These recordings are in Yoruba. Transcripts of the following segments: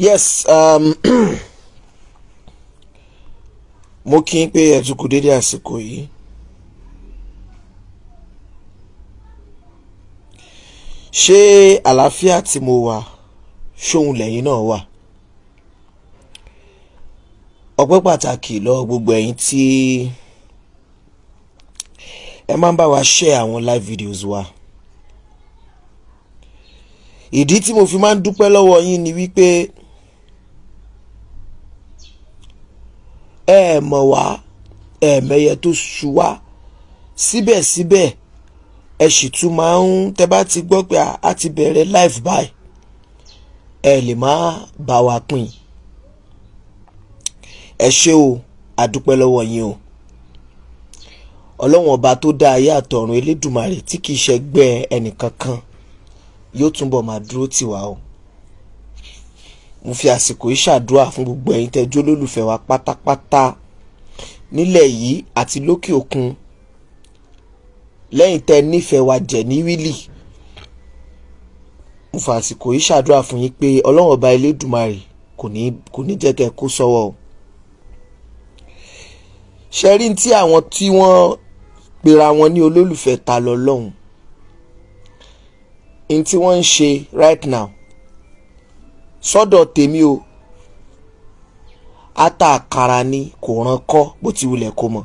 yes um, mo kí n pé ẹ̀tùkù dédé àsìkò yìí ṣé àlàáfíà tí mo wà ṣóhun lẹ́yìn náà wà ọpẹ́ pàtàkì lọ́wọ́ gbogbo ẹ̀yin tí ẹ máa ń bá wa share àwọn live videos wa ìdí tí mo fi máa ń dúpẹ́ lọ́wọ́ yín ni wípé. ẹ mọ̀ wá ẹ̀mẹyẹ tó ṣu wá síbẹ̀síbẹ̀ ẹ sì tún máa ń tẹ bá ti gbọ́ pé a ti bẹ̀rẹ̀ life by ẹ lè má bá wa pín ẹ ṣé o àdúpẹ́ lọ́wọ́ yín o ọlọ́wọ́n ọba tó dá ayé àtọ̀run elédùmarè tí kìí ṣẹgbẹ́ ẹnìkankan yóò túnbọ̀ máa dúró tì wá o mo fi àsìkò yìí ṣàdúrà fún gbogbo ẹ̀yin tẹ́jú olólùfẹ́ wa pátápátá nílẹ̀ yìí àti lókè òkun lẹ́yìn tẹ́ nífẹ̀ẹ́ wa jẹ̀ ní wílì mo fi àsìkò yìí ṣàdúrà fún yín pé ọlọ́run ọba elédùmarè kò ní kò ní jẹ́ kẹ́ ẹ kó sọ́wọ́ o ṣe rí tí àwọn tí wọ́n pera wọn ní olólùfẹ́ ta lọ lọ́hùn-ún tí wọ́n ń ṣe right now sọ́dọ̀ tèmi o ata àkàrà ni kò ràn kọ́ bó ti wulẹ̀ kó mọ̀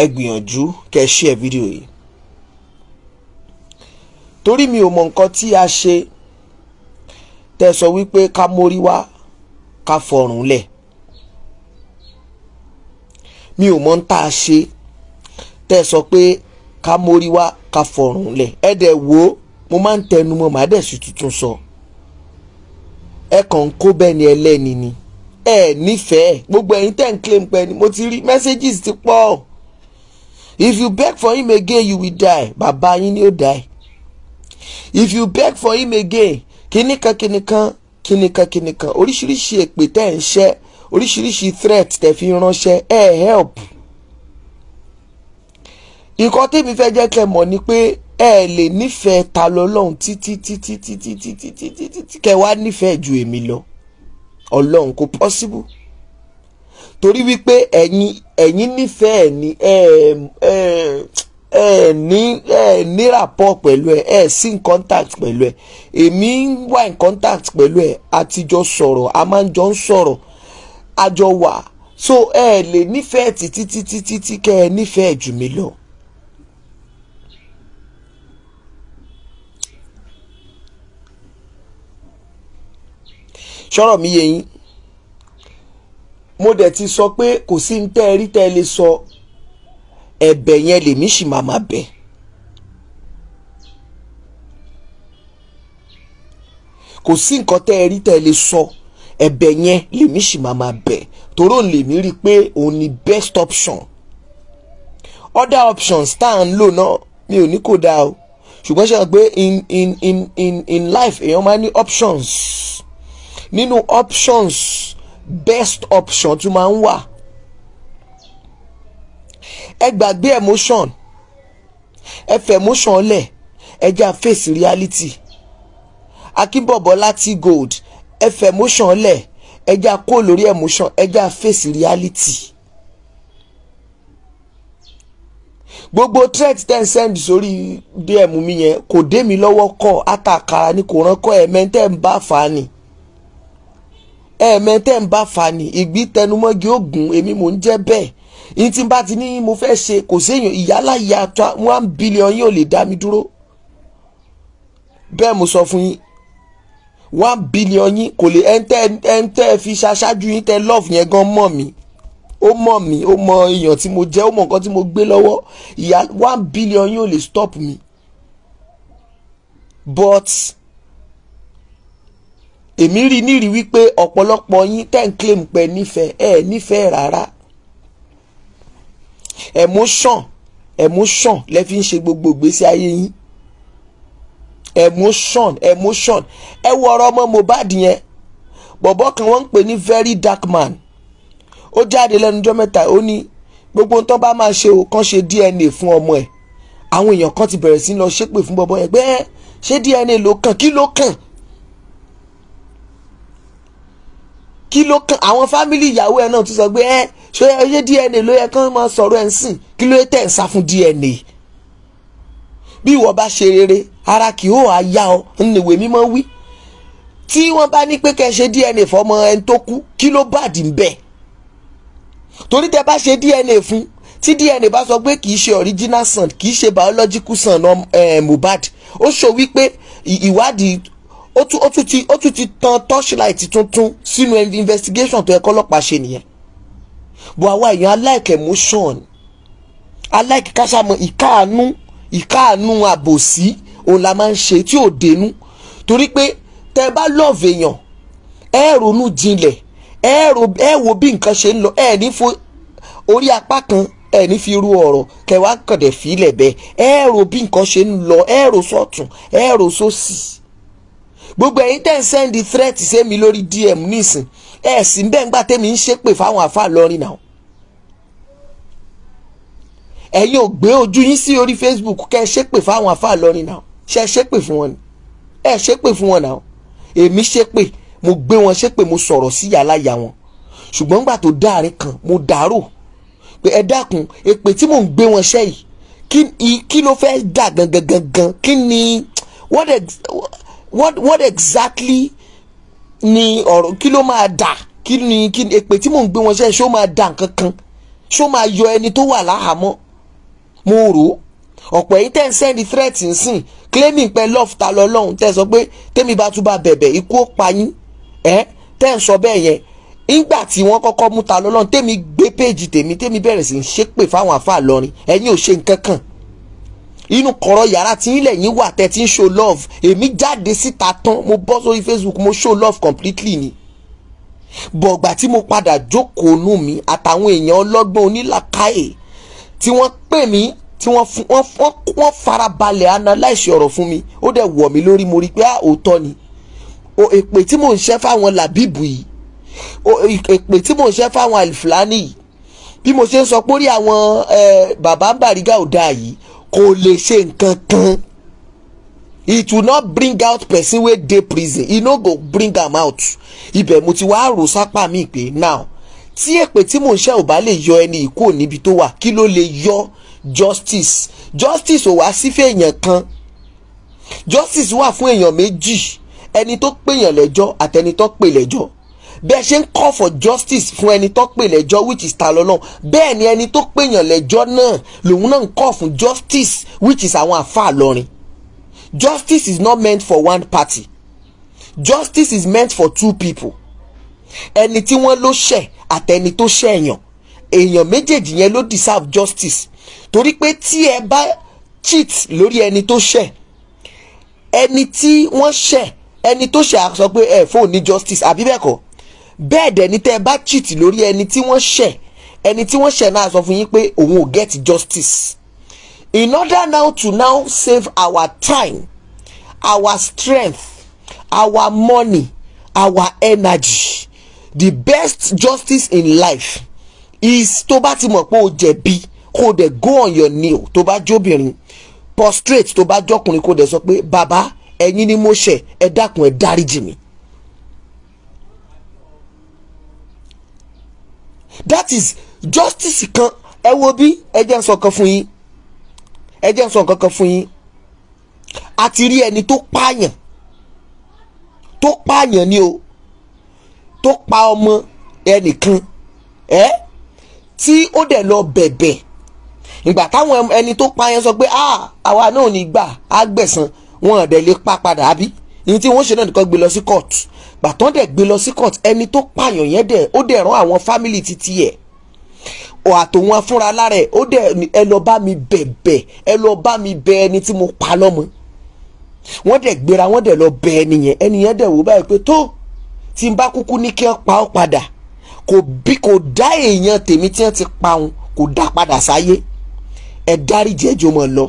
ẹ gbìyànjú kẹ ẹ ṣí ẹ fídíò yìí torí mi ò mọ nǹkan tí a ṣe tẹ sọ wípé ká mórí wá ká fọrùn lẹ̀ mi ò mọ ń tá a ṣe tẹ sọ pé ká mórí wá ká fọrùn lẹ̀ ẹ dẹ̀ wò mo máa ń tẹnu mọ́ màá dẹ̀ sì tuntun sọ ẹ kàn ń kó bẹ́ẹ̀ ni ẹlẹ́ni ni ẹ nífẹ̀ẹ́ gbogbo ẹ̀yin tẹ̀ ń claim pẹ́ ni mo ti rí messages ti pọ̀ if you beg for him again you will die bàbá yín ni ó die if you beg for him again kìnìkan kìnìkan kìnìkan kìnìkan oríṣiríṣi èpè tẹ́ ń ṣẹ́ oríṣiríṣi threat tẹ́ fi ránṣẹ́ ẹ help nǹkan tèmi fẹ́ jẹ́ kẹ́ mọ̀ ni pé ẹ lè nífẹ̀ẹ́ ta lọ́lọ́run títí títí títí títí títí títí kẹ wá nífẹ̀ẹ́ ju èmi lọ ọlọ́run kò pọ́síbù torí wípé ẹ̀yin ẹ̀yin nífẹ̀ẹ́ ni ẹ ẹ ẹ ní ẹ ní rapport pẹ̀lú ẹ ẹ sí in contact pẹ̀lú ẹ èmi ń wà in contact pẹ̀lú ẹ àtijọ́ sọ̀rọ̀ a máa ń jọ ń sọ̀rọ̀ àjọ wà so ẹ lè nífẹ̀ẹ́ títí títí títí kẹ ẹ nífẹ̀ẹ́ jù mí lọ. ṣọ́rọ̀ mi yé yín mo dẹ̀ ti sọ pé kò sí ní tẹ́ ẹ rí tẹ́ ẹ lè sọ ẹ̀bẹ̀ yẹn lèmi sì máa máa bẹ̀. kò sí nǹkan tẹ́ ẹ rí tẹ́ ẹ lè sọ ẹ̀bẹ̀ yẹn lèmi sì máa máa bẹ̀ tòró lèmi rí i pé òun ni best option other options tá à ń lò náà mi ò ní kó dáa o ṣùgbọ́n ṣe hàn pé in in in in in life èèyàn máa ní options nínú options best option tún máa ń wà ẹ gbàgbé emotion ẹ fẹ́ emotion lẹ̀ ẹ já face reality akínbọ̀bọ̀lá T Gold ẹ fẹ́ emotion lẹ̀ ẹ já kó lórí emotion ẹ já face reality. gbogbo threat ten send sórí dm mi yẹn kò dé mi lọ́wọ́ kọ́ àtàkàrà ni kò ránkọ́ ẹ̀ mẹ́ńtẹ́ ń bá fà ni ẹ̀ẹ̀mẹ́tẹ́ ń bá fa ni ìgbì tẹnumọ́gi ogun èmi mò ń jẹ́ bẹ́ẹ̀ ní tí n bá ti ní mo fẹ́ ṣe kò séèyàn ìyálà ìyá one billion yóò lè dá mi dúró bẹ́ẹ̀ mo sọ fún yín one billion yín kò lè ẹ̀ńtẹ́ ẹ̀ńtẹ́ fi ṣaṣáájú yín tẹ love yẹn gan mọ̀ mí ó mọ̀ mí ó mọ èèyàn tí mo jẹ́ ó mọ nǹkan tí mo gbé lọ́wọ́ ìyá one billion yín ò lè stop mi but èmi rí nírí wípé ọ̀pọ̀lọpọ̀ yín ten claim pé nífẹ̀ẹ́ ẹ̀ nífẹ̀ẹ́ rárá emotion emotion lẹ fi ń ṣe gbogbo ìgbésí ayé yín emotion emotion ẹ wo ọ̀rọ̀ ọmọ Mohbad yẹn bọ̀bọ́ kan wọ́n ń pè ní very dark man ó jáde lẹ́nu ọjọ́ mẹ́ta ó ní gbogbo nǹkan bá máa ṣe o kàn ṣe DNA fún ọmọ ẹ̀ àwọn èèyàn kan ti bẹ̀rẹ̀ sí lọ ṣépè fún bọ̀bọ́ yẹn pé ṣé DNA ló kàn kí ló kàn kí ló kan àwọn fámìlì ìyàwó ẹ náà tún sọ pé ẹ ṣé ẹ ṣe DNA ló yẹ kán máa sọ̀rọ̀ ẹ̀ ń sìn kí ló tẹ̀ ń sá fún DNA bí ìwọ bá ṣe rere ara kì ó àyà ọ níwèé mímọ́ wí tí wọ́n bá ní pé kẹ́ ṣe DNA fọmọ ẹni tó kú kí ló bàdí ń bẹ̀ torí tẹ́ bá ṣe DNA fún tí DNA bá sọ pé kì í ṣe original son kì í ṣe biological son um, Mohbad ó sọ wípé ìwádìí ó tún ó tún ti ó tún ti tan torchlight tuntun sínú investigation tó yẹ kọ́lọ́pàá ṣe nìyẹn bó àwa èèyàn alike emotion alike kásámọ ìkáàánú ìkáàánú àbòsí òun la máa ń ṣe tí ò dénú torí pé tẹ́ bá love èèyàn ẹ ronú jinlẹ̀ ẹ wo bí nǹkan ṣe ń lọ ẹ ní fo orí apá kan ẹ ní fi irú ọ̀rọ̀ kẹwàá kàn dẹ̀ fi ilẹ̀ bẹ́ẹ̀ ẹ rò bí nǹkan ṣe ń lọ ẹ rò sọ́tún ẹ rò sósì. So si gbogbo ẹ̀yin tẹ́ ń sẹ́ndì threat sẹ́mi lórí DM nísìn ẹ̀ sì ń bẹ́ẹ̀ ń gbà tẹ́mi ń ṣépè fáwọn àfa lọ́rin náà ẹ̀yin ò gbé ojú yín sí orí Facebook kẹ́ ẹ ṣépè fáwọn àfa lọ́rin náà ṣe ẹ ṣépè fún wọn ni ẹ ṣépè fún wọn náà èmi ṣépè mo gbé wọn ṣépè mo sọ̀rọ̀ sí yàrá ìyá wọn ṣùgbọ́n nígbà tó dáàrin kan mo dàrò pé ẹ dákun èpè tí mò ń gbé wọn ṣẹ́ yìí kí ló fẹ́ dà gangan gangan kí ni what what what exactly ni ọ̀rọ̀ kí ló máa dà kí ni kí ni èpè tí mò ń gbé wọn ṣe ṣó máa dà nǹkan kan ṣó máa yọ ẹni tó wà láhàámọ́ mo rò ó ọ̀pọ̀ yìí tẹ̀ ń send threat nsìn claiming pé love ta lọ lọ́hùn tẹ̀ sọ pé tẹ́mi bá tún bá bẹ̀bẹ̀ ikú ó pa yín ẹ̀ tẹ̀ ń sọ bẹ́ẹ̀ yẹn nígbà tí wọ́n kọ́kọ́ mú ta lọ́hùn tẹ́mi gbé péjì tèmi tẹ́mi bẹ̀rẹ̀ sí ń ṣépè fáwọn àfa ẹ̀yin ò ṣe nǹkan inú kọ̀rọ̀ yàrá tí ilẹ̀ yín wà tẹ́ ń show love èmi jáde síta tán mo bọ́ sórí Facebook mo show love completely ni bọ̀gbà tí mo padà jókòó nù mí àtàwọn èèyàn ọlọ́gbọ́n onílàkàyè tí wọ́n pè mí tí wọ́n farabalẹ̀ analyse ọ̀rọ̀ fún mi ó dẹ̀ wọ̀ mí lórí mo rí pé ah, òótọ́ ni èpè tí mò ń ṣẹ́ fáwọn làbíbù yìí èpè tí mò ń ṣẹ́ fáwọn àlìfúlání yìí bí mo ṣe ń sọ pórí àwọn bàbá ń bàrígà ò dáa yìí kò lè ṣe nǹkan kan it will not bring out person wey dey prison e no go bring am out ibẹ̀ mo ti wá rò sápá mi pé now tí èpè tí mò ń ṣe ò bá lè yọ ẹni ìkó níbi tó wà kí ló lè yọ justice justice ò wá sí fún èèyàn kan justice wà fún èèyàn méjì ẹni tó pèèyàn lẹ́jọ́ àtẹni tó pè lẹ́jọ́ bẹ́ẹ̀ ṣe ń call for justice fún ẹni tó pè lẹ́jọ́ which is ta lọ́lọ́ bẹ́ẹ̀ ni ẹni tó pèèyàn lẹ́jọ́ náà lòun náà ń call fún justice which is àwọn àfáà lọ́rin justice is not meant for one party justice is meant for two people ẹni tí wọ́n ló ṣẹ̀ àtẹni tó ṣẹ̀ èèyàn èèyàn méjèèjì yẹn ló deserve justice torí pé tí ẹ bá cheat lórí ẹni tó ṣẹ̀ ẹni tí wọ́n ṣẹ̀ ẹni tó ṣẹ̀ á pé ẹ fóun ní justice àbí bẹ́ẹ̀ kọ́ bẹ́ẹ̀ dẹ̀ ni tẹ́ ẹ bá cheat lórí ẹni tí wọ́n ṣẹ̀ ẹni tí wọ́n ṣẹ̀ náà sọ fún yín pé òun ò get justice in order now to now save our time our strength our money our energy the best justice in life is tó bá ti mọ̀ pé o jẹ̀bi kó o dẹ̀ go on your knee tó bá jóbìnrin prostrate tó bá jọkùnrin kó o dẹ̀ sọ pé bàbá ẹ̀yin ni mo ṣẹ̀ ẹ dákun ẹ dáríjì mi that is justice kan ẹ wo bí ẹ jẹ́ n sọ kan fún yín ẹ jẹ́ n sọ nǹkan kan fún yín a ti rí ẹni tó pààyàn tó pààyàn ni o tó pa ọmọ ẹnìkan ẹ tí ó dẹ̀ lọ bẹ̀bẹ̀ ìgbà táwọn ẹni tó pààyàn sọ pé ah, àwa náà ní gbà á gbẹ̀san wọn ò dẹ̀ lè pa padà àbí ìyẹn tí wọ́n ṣe náà nìkan gbé lọ sí kóòtù gbàtán dẹ̀ gbé lọ sí court ẹni tó pààyàn yẹn dẹ̀ ó dẹ̀ rán àwọn fámìlì títí ẹ̀ àtòwọn afúnra lára ẹ̀ ó dẹ̀ ẹ lọ bá mi bẹ̀bẹ̀ ẹ lọ bá mi bẹ ẹni tí mo pa lọ́mọ wọ́n dẹ̀ gbéra wọ́n dẹ̀ lọ bẹ ẹni yẹn ẹni yẹn dẹ̀ wò báyìí pé tó tí n bá kúkú ní kí wọ́n pa ọ́ padà kò bí kò dá èèyàn tèmi tí wọ́n ti pa òun kò dá padà sáyé ẹ dáríjì ẹjọ́ mọ̀ lọ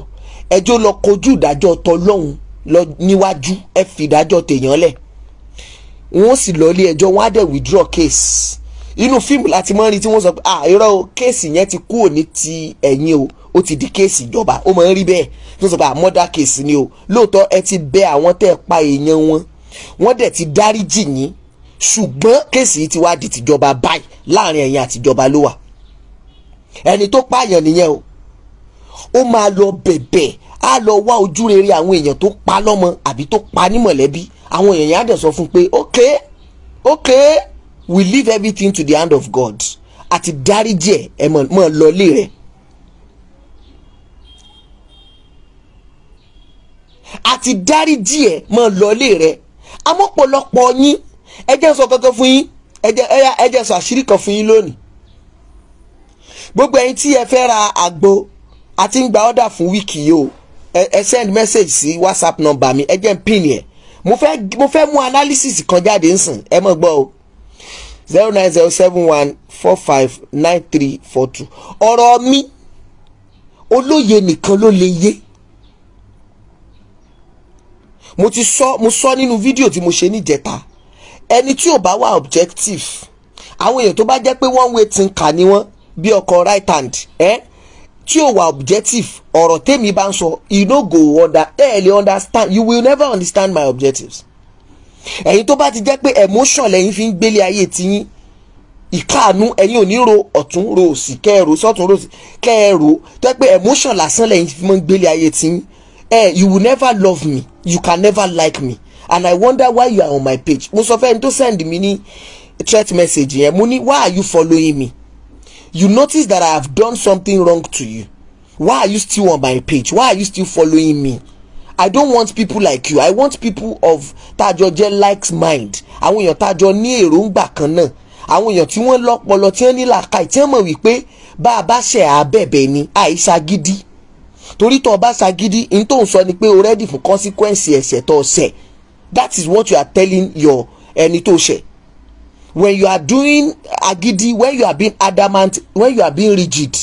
ẹjọ́ lọ kojú ìdájọ́ tọlọ́hun lọ níwájú ẹ fìdájọ́ tèèyàn lẹ̀ wọ́n sì lọ ilé ẹjọ́ wọ́n á dẹ̀ withdraw case inú fíìmù láti máa rí tí wọ́n sọ pé ah irọ́ o case yẹn ti kúrò ní ti ẹ̀yìn o ó ti di kéèsì ìjọba ó máa ń rí bẹ́ẹ̀ tí wọ́n sọ pé ah murder case ni o lóòótọ́ ẹ ti bẹ àwọn tẹ́ ẹ pa èèyàn wọn wọ́n dẹ̀ ti dáríjì yín ṣùgbọ́n case yìí ti wá di tìjọba báyìí láàrin ẹ̀yin àtìjọba ló wà ẹni tó pààyàn nìyẹn o ó máa lọ bẹ̀bẹ̀ á lọ wá ojú rere àwọn èèyàn tó pa lọ́mọ àbí tó pa ní mọ̀lẹ́bí àwọn èèyàn á dẹ̀ sọ fún pé ok ok we leave everything to the hand of God àti dáríjì ẹ̀ ẹ̀ mọ̀ lọ́lé rẹ̀ àti dáríjì ẹ̀ mọ̀ lọ́lé rẹ̀ amọ̀pọ̀lọpọ̀ yín ẹ jẹ́ sọ kankan fún yín ẹ jẹ́ sọ àṣírí kan fún yín lónìí gbogbo ẹ̀yin tí ẹ fẹ́ ra àgbo àti ń gba ọ́dà fún wíìkì yìí o ẹ send message sí whatsapp number mi ẹ jẹ́ pin yẹn mo fẹ́ mo mú analysis kan jáde nsìn ẹ mọ̀ gbọ́ o zero nine zero seven one four five nine three four two ọ̀rọ̀ mi olóye nìkan ló lè yé mo ti sọ mo sọ nínú fídíò tí mo ṣe níjẹta ẹni tí ò bá wà objective àwọn èèyàn tó bá jẹ́ pé one way thinker ni wọ́n bí ọkọ̀ right hand eh? tí o wà objective ọ̀rọ̀ tèmi bá ń sọ you no go under ẹ lè understand you will never understand my objectives ẹ̀yin tó bá ti jẹ́ pé emotion lẹ́yìn fi ń gbélé ayé tiyín ìkáàánú ẹ̀yin ò ní ro ọ̀tún ro òsì kẹ́ẹ̀rọ sọ́tún ro òsì kẹ́ẹ̀rọ tó yẹ pé emotion lásán lẹ́yìn fi máa ń gbélé ayé tiyín Eh, you will never love me you can never like me and I wonder why you are on my page mo sọ fẹ́ni tó send mi ní threat message yẹn mo ní why are you following me you notice that I have done something wrong to you why are you still on my page why are you still following me I don't want people like you I want people of tájọ jẹ́ likes mind àwọn èèyàn tájọ ní èròǹgbà kan náà àwọn èèyàn tí wọ́n lọ́pọlọ tí wọ́n ní làákàyè tí wọ́n mọ̀ wípé bá a bá ṣẹ̀ àbẹ̀bẹ̀ ni àìsà gidi torí tó o bá ṣa gidi n tó ń sọ ni pé o ready for consequence ẹ̀ṣẹ̀ tó o that is what you are telling your ẹni tó ṣẹ̀ when you are doing agidi when you are being adamant when you are being rigid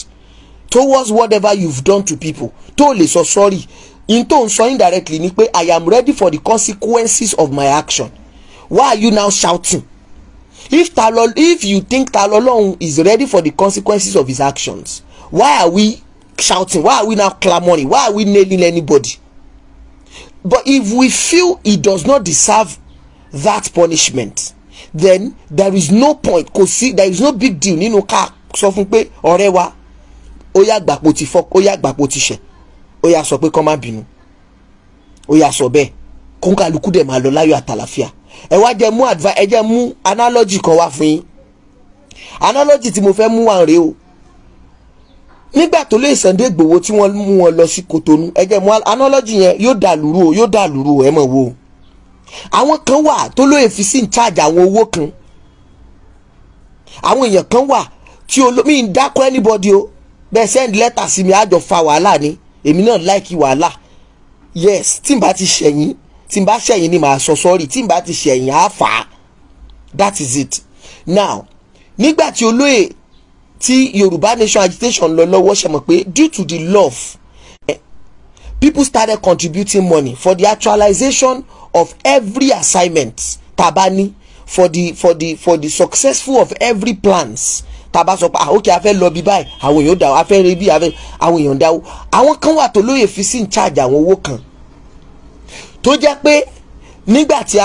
towards whatever you've done to people tó lè sọ sorry in tone so indirectly ni pé i am ready for the consequences of my action why are you now shouting if talol if you think talolong is ready for the consequences of his actions why are we shouting why are we now clamoring why are we nailing anybody but if we feel he does not deserve that punishment then there is no point kò sí there is no big deal nínú ká sọ fún pé ọ̀rẹ́ wa ó yá gbàpò ti fọ́ ó yá gbàpò ti ṣẹ̀ ó yá sọ pé kọ́ má bínú ó yá sọ bẹ́ẹ̀ kóńkàlùkù dẹ̀ máa lọ láyọ̀ àtàlàfíà ẹ wá jẹ́ mú advice ẹ jẹ́ mú analogy kan wá fún yín analogy tí mo fẹ́ mú wá rèé o nígbà tó lè Sunday Igboho tí wọ́n mú wọn lọ sí Kotonu ẹ jẹ́ mú analogy yẹn yóò dàlúrú o yóò dàlúrú o ẹ mọ̀ wo o àwọn kan wà tó lóye fi sí in charge àwọn owó kan àwọn èèyàn kan wà tí olómi ń dákọ́ anybody o bẹ́ẹ̀ send letter sí mi àjọ fa wàhálà ni èmi náà like wàhálà yes tí n bá ti ṣẹ̀yìn tí n bá ṣẹ̀yìn ni màá sọ sorry tí n bá ti ṣẹ̀yìn á fà á that is it now nígbà tí olóyè tí yorùbá nation agitation lọ lọ́wọ́ ṣe mọ̀ pé due to the love eh, people started contributing money for the actualization of every assignment tabani for the for the for the successful of every plans tàbá sọ pé ah ok a fẹ́ lọ bí báyìí àwọn èèyàn dáwọ́ a fẹ́ rí bí àwọn èèyàn dáwọ́ àwọn kan wà tó lóye fi sí ń charge àwọn owó kan tó jẹ́ pé nígbà tí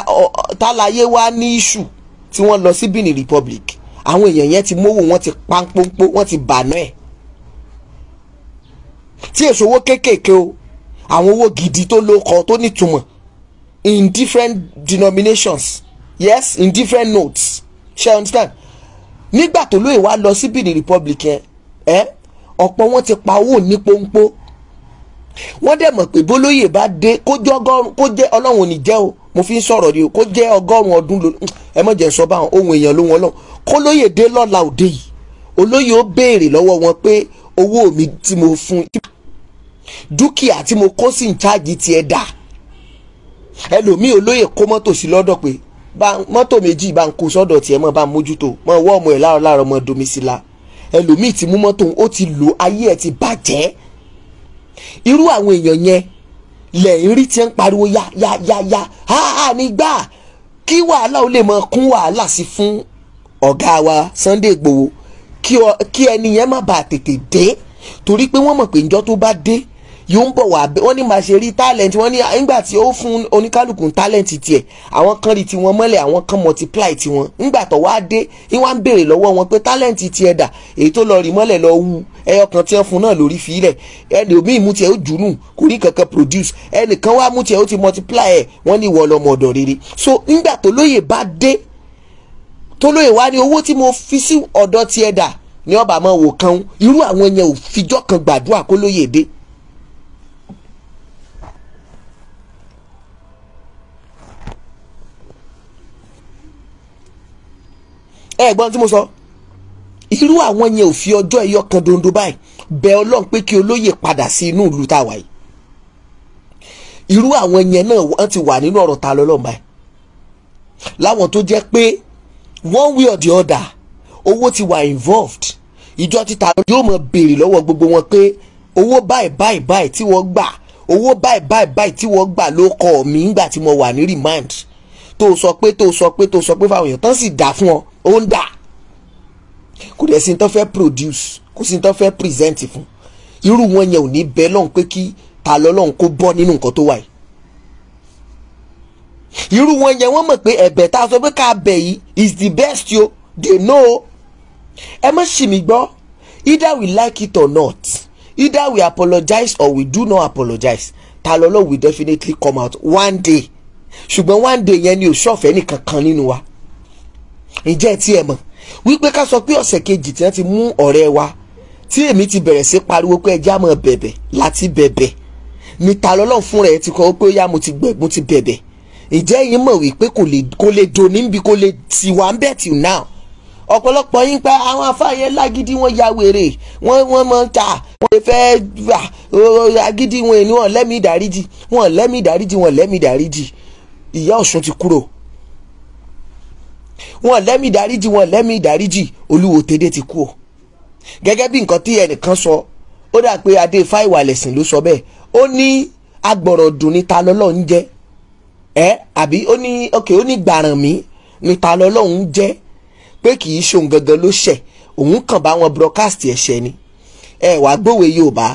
tálayé wá ní issue tí wọ́n lọ sí Benin Republic àwọn èèyàn yẹn ti mówó wọ́n ti pánpónpó wọ́n ti bànú ẹ̀ tí èso owó kéékèèké o àwọn owó gidi tó lóko tó nítumọ̀ in different denominations yes in different notes ṣe understand nígbà tó lóye wá lọ sí Benin Republic yẹn ẹ ọ̀pọ̀ wọn ti pa owó ní pọ́npọ́ wọ́n dẹ̀ mọ̀ pé bólóyè bá dé kó jẹ́ ọgọ́rùn kó jẹ́ ọlọ́run ò ní jẹ́ o mo fi ń sọ̀rọ̀ ni o kó jẹ́ ọgọ́rùn ọdún ló ẹ mọ̀ jẹ́ sọ báwọn ohun èèyàn ló wọn lọ kó lóye dé lọ́la òde yìí olóyè ó béèrè lọ́wọ́ wọn pé owó mi tí mo fún dúkìá tí mo kó sí ń tiẹ̀ dáa ẹlòmíì olóyè kó mọ́tò sí lọ́dọ̀ pé mọ́tò méjì bá ń kó sọ́dọ̀ tiẹ̀ mọ́ bá ń mójútó mọ́ ọwọ́ ọmọ ẹ̀ láàrọ̀ láàrọ̀ mọ́ domi sí la ẹlòmíì ti mú mọ́tò ó ti lò ayé ẹ̀ ti bàjẹ́ irú àwọn èèyàn yẹn lẹ̀ ń rí tiẹ̀ ń pariwo ya ya ya ya ha ha nígbà kí wàhálà ó lè mọ kún wàhálà sí fún ọ̀gá wa Sunday Igboho kí ẹni yẹn má bàa tètè dé torí pé wọ́n mọ̀ pé ǹjọ́ tó bá dé yóò ń bọ̀ wá wọ́n ní máa ṣe rí talent wọ́n ní nígbà tí ó fún oníkálukú talent tiẹ̀ àwọn kan rí tiwọn mọ́lẹ̀ àwọn kan multiply tiwọn nígbà tó wá dé ní wọ́n á béèrè lọ́wọ́ wọn pé talent tiẹ̀ dà èyí tó lọ rí mọ́lẹ̀ lọ wú ẹyọ kan tí wọ́n fún náà lórí fílẹ̀ ẹlòmíì mú tiẹ̀ ó jùlù kò rí kankan produce ẹnìkan wá mú tiẹ̀ ó ti multiply ẹ̀ wọ́n ní ìwọ lọmọ ọ̀dọ̀ rere so nígbà tó lóye bá dé tó lóye wá ní mo fi sí ọ̀dọ̀ tiẹ̀ dà ní ọba àmọ́ wò kan irú àwọn yẹn ò fijọ́ kan ẹ̀gbọ́n tí mo sọ irú àwọn yẹn ò fi ọjọ́ ẹyọ kan dondo báyìí bẹ ọlọ́run pé kí olóyè padà sí inú ìlú tá a wà yìí irú àwọn yẹn náà wọ́n ti wà nínú ọ̀rọ̀ ta lọ́lọ́run báyìí láwọn tó jẹ́ pé one way or the other owó ti wà involved ìjọ ti ta yóò mọ béèrè lọ́wọ́ gbogbo wọn pé owó báyìí báyìí báyìí tí wọ́n gbà owó báyìí báyìí báyìí tí wọ́n gbà ló kọ́ mi ńgbà tí mo wà ní remand tó sọ pé tó sọ pé tó sọ pé fáwọn èèyàn tán sì dá fún ọ ó ń dà kò dẹ̀ sí ní tán fẹ́ produce kò sí ní tán fẹ́ present fún irú wọn yẹn ò ní bẹ́ẹ̀ lọ́hùn pé kí ta lọ́lọ́hùn kó bọ́ nínú nǹkan tó wà yìí irú wọn yẹn wọ́n mọ̀ pé ẹ̀bẹ̀ tá a sọ pé ká bẹ̀ yìí is the best yo they know ẹ má ṣì mí gbọ́ either we like it or not either we apologize or we do not apologize ta lọ́lọ́ we definitely come out one day ṣùgbọ́n one day yẹn ni ò ṣọ̀fẹ́ nìkan kan nínú wa ìjẹ́ tí ẹ mọ̀ wípé ká sọ pé ọ̀sẹ̀ kejì tí wọ́n ti mú ọ̀rẹ́ wa tí èmi ti bẹ̀rẹ̀ sí pariwo pé ẹja mọ̀ bẹ̀bẹ̀ láti bẹ̀bẹ̀ níta lọ́lọ́run fún rẹ̀ ti kọ́ pé ó yá mo ti gbẹ̀ mo ti bẹ̀bẹ̀ ìjẹ́ yín mọ̀ wípé kò lè do níbi kò lè tiwa ń bẹ̀ tì náà ọ̀pọ̀lọpọ̀ yín pa àwọn afáàyè lágídí wọn ya wèrè wọn wọn mọ ta wọn lè fẹ́ gbà agídí wọn ni wọn lẹ́mìí dáríjì wọn lẹ́mìí dáríjì wọn lẹ́mìí dáríjì ìyá ọ̀ṣun ti kúrò wọn lẹ́mí ìdáríjì wọn lẹ́mí ìdáríjì olúwo tèdè ti kú o gẹ́gẹ́ bí nǹkan tí ẹnìkan sọ ó dà pé adé fáìwà lẹ̀sìn ló sọ bẹ́ẹ̀ ó ní agbọ̀rọ̀ dùn ní ta lọ́lọ́ ń jẹ́ ẹ àbí ó ní ok ó ní gbàràn mí ní ta lọ́lọ́ ń jẹ́ pé kì í ṣohun gangan ló ṣẹ̀ òun kàn bá wọn broadcast ẹ̀ṣẹ̀ ni ẹ wàá gbòwe Yorùbá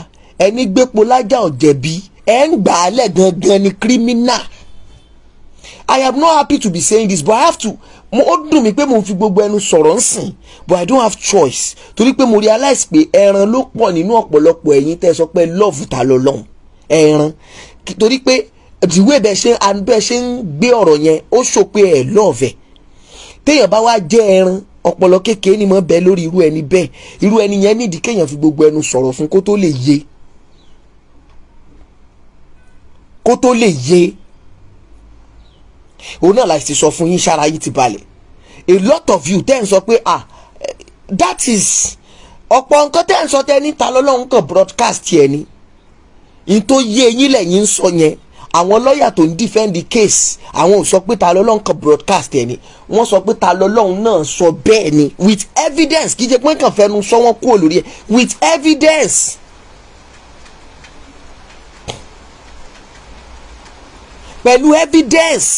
ẹni gbépo lájà ọ̀jẹ̀bi ẹ ń gbà á lẹ̀ gangan ni criminal I am not happy to be saying this but I have to mo ó dùn mí pé mo fi gbogbo ẹnu sọ̀rọ̀ ń sìn but i don't have choice torí pé mo realize pé ẹran ló pọ̀ nínú ọ̀pọ̀lọpọ̀ ẹ̀yin tẹ́ sọ pé love ta lọ lọ́hùn ẹran torí pé ìwé bẹ́ẹ̀ ṣe bẹ́ẹ̀ ṣe ń gbé ọ̀rọ̀ yẹn ó sọ pé ẹ̀ love ẹ̀ téèyàn bá wá jẹ́ ẹran ọpọlọ kékeré ni mo bẹ lórí irú ẹni bẹ́ẹ̀ irú ẹni yẹn nídìí kéèyàn fi gbogbo ẹnu sọ̀rọ̀ fún kó tó lè yé kó tó lè yé òun náà láti sọ fún yín sára yìí ti balẹ̀ a lot of you tẹ́ ń sọ pé ah that is ọ̀pọ̀ nǹkan tẹ́ ń sọ tẹ́ ní ta lọ́lọ́run kan broadcast yẹn ni n tó yé eyín lẹ́yìn ń sọ yẹn àwọn lọ́ọ̀yà tó ń defend the case àwọn ò sọ pé ta lọ́lọ́run kan broadcast yẹn ni wọ́n sọ pé ta lọ́lọ́run náà sọ bẹ́ẹ̀ ni with evidence kì í ṣe pé kàn fẹnu sọ wọ́n kúrò lórí ẹ̀ with evidence pẹ̀lú evidence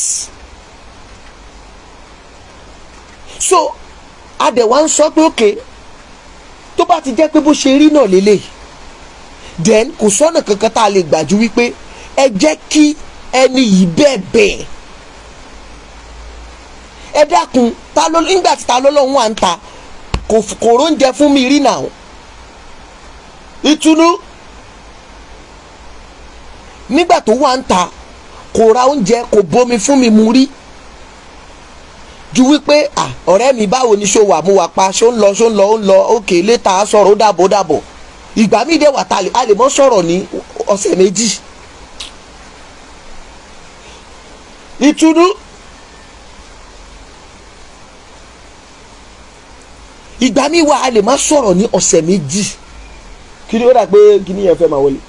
so adẹ̀wà ń sọ pé òkè tó bá ti jẹ́ pé bó ṣe rí náà lélẹ̀ then kò sọ́nà kankan tá a lè gbàjú wípé ẹ jẹ́ kí ẹni yìí bẹ̀bẹ̀ ẹ dákun ta ló nígbà tí ta ló lọ́hún à ń ta kòró ń jẹ fún mi rí náà ìtùnú nígbà tó wà ń ta kò ra oúnjẹ kò bomi fún mi mu rí ju wípé à ọ̀rẹ́ mi báwo ni ṣó wà mo wà pa ṣó ń lọ ṣó ń lọ ó ń lọ òkè létà á sọ̀rọ̀ ó dàbọ̀ dàbọ̀ ìgbà míì dẹ̀ wà tá a lè mọ́ sọ̀rọ̀ ní ọ̀sẹ̀ méjì. ìtùnú ìgbà míì wà a lè má sọ̀rọ̀ ní ọ̀sẹ̀ méjì kí ni ó dà pé kí ni yẹn fẹ́ máa wọlé.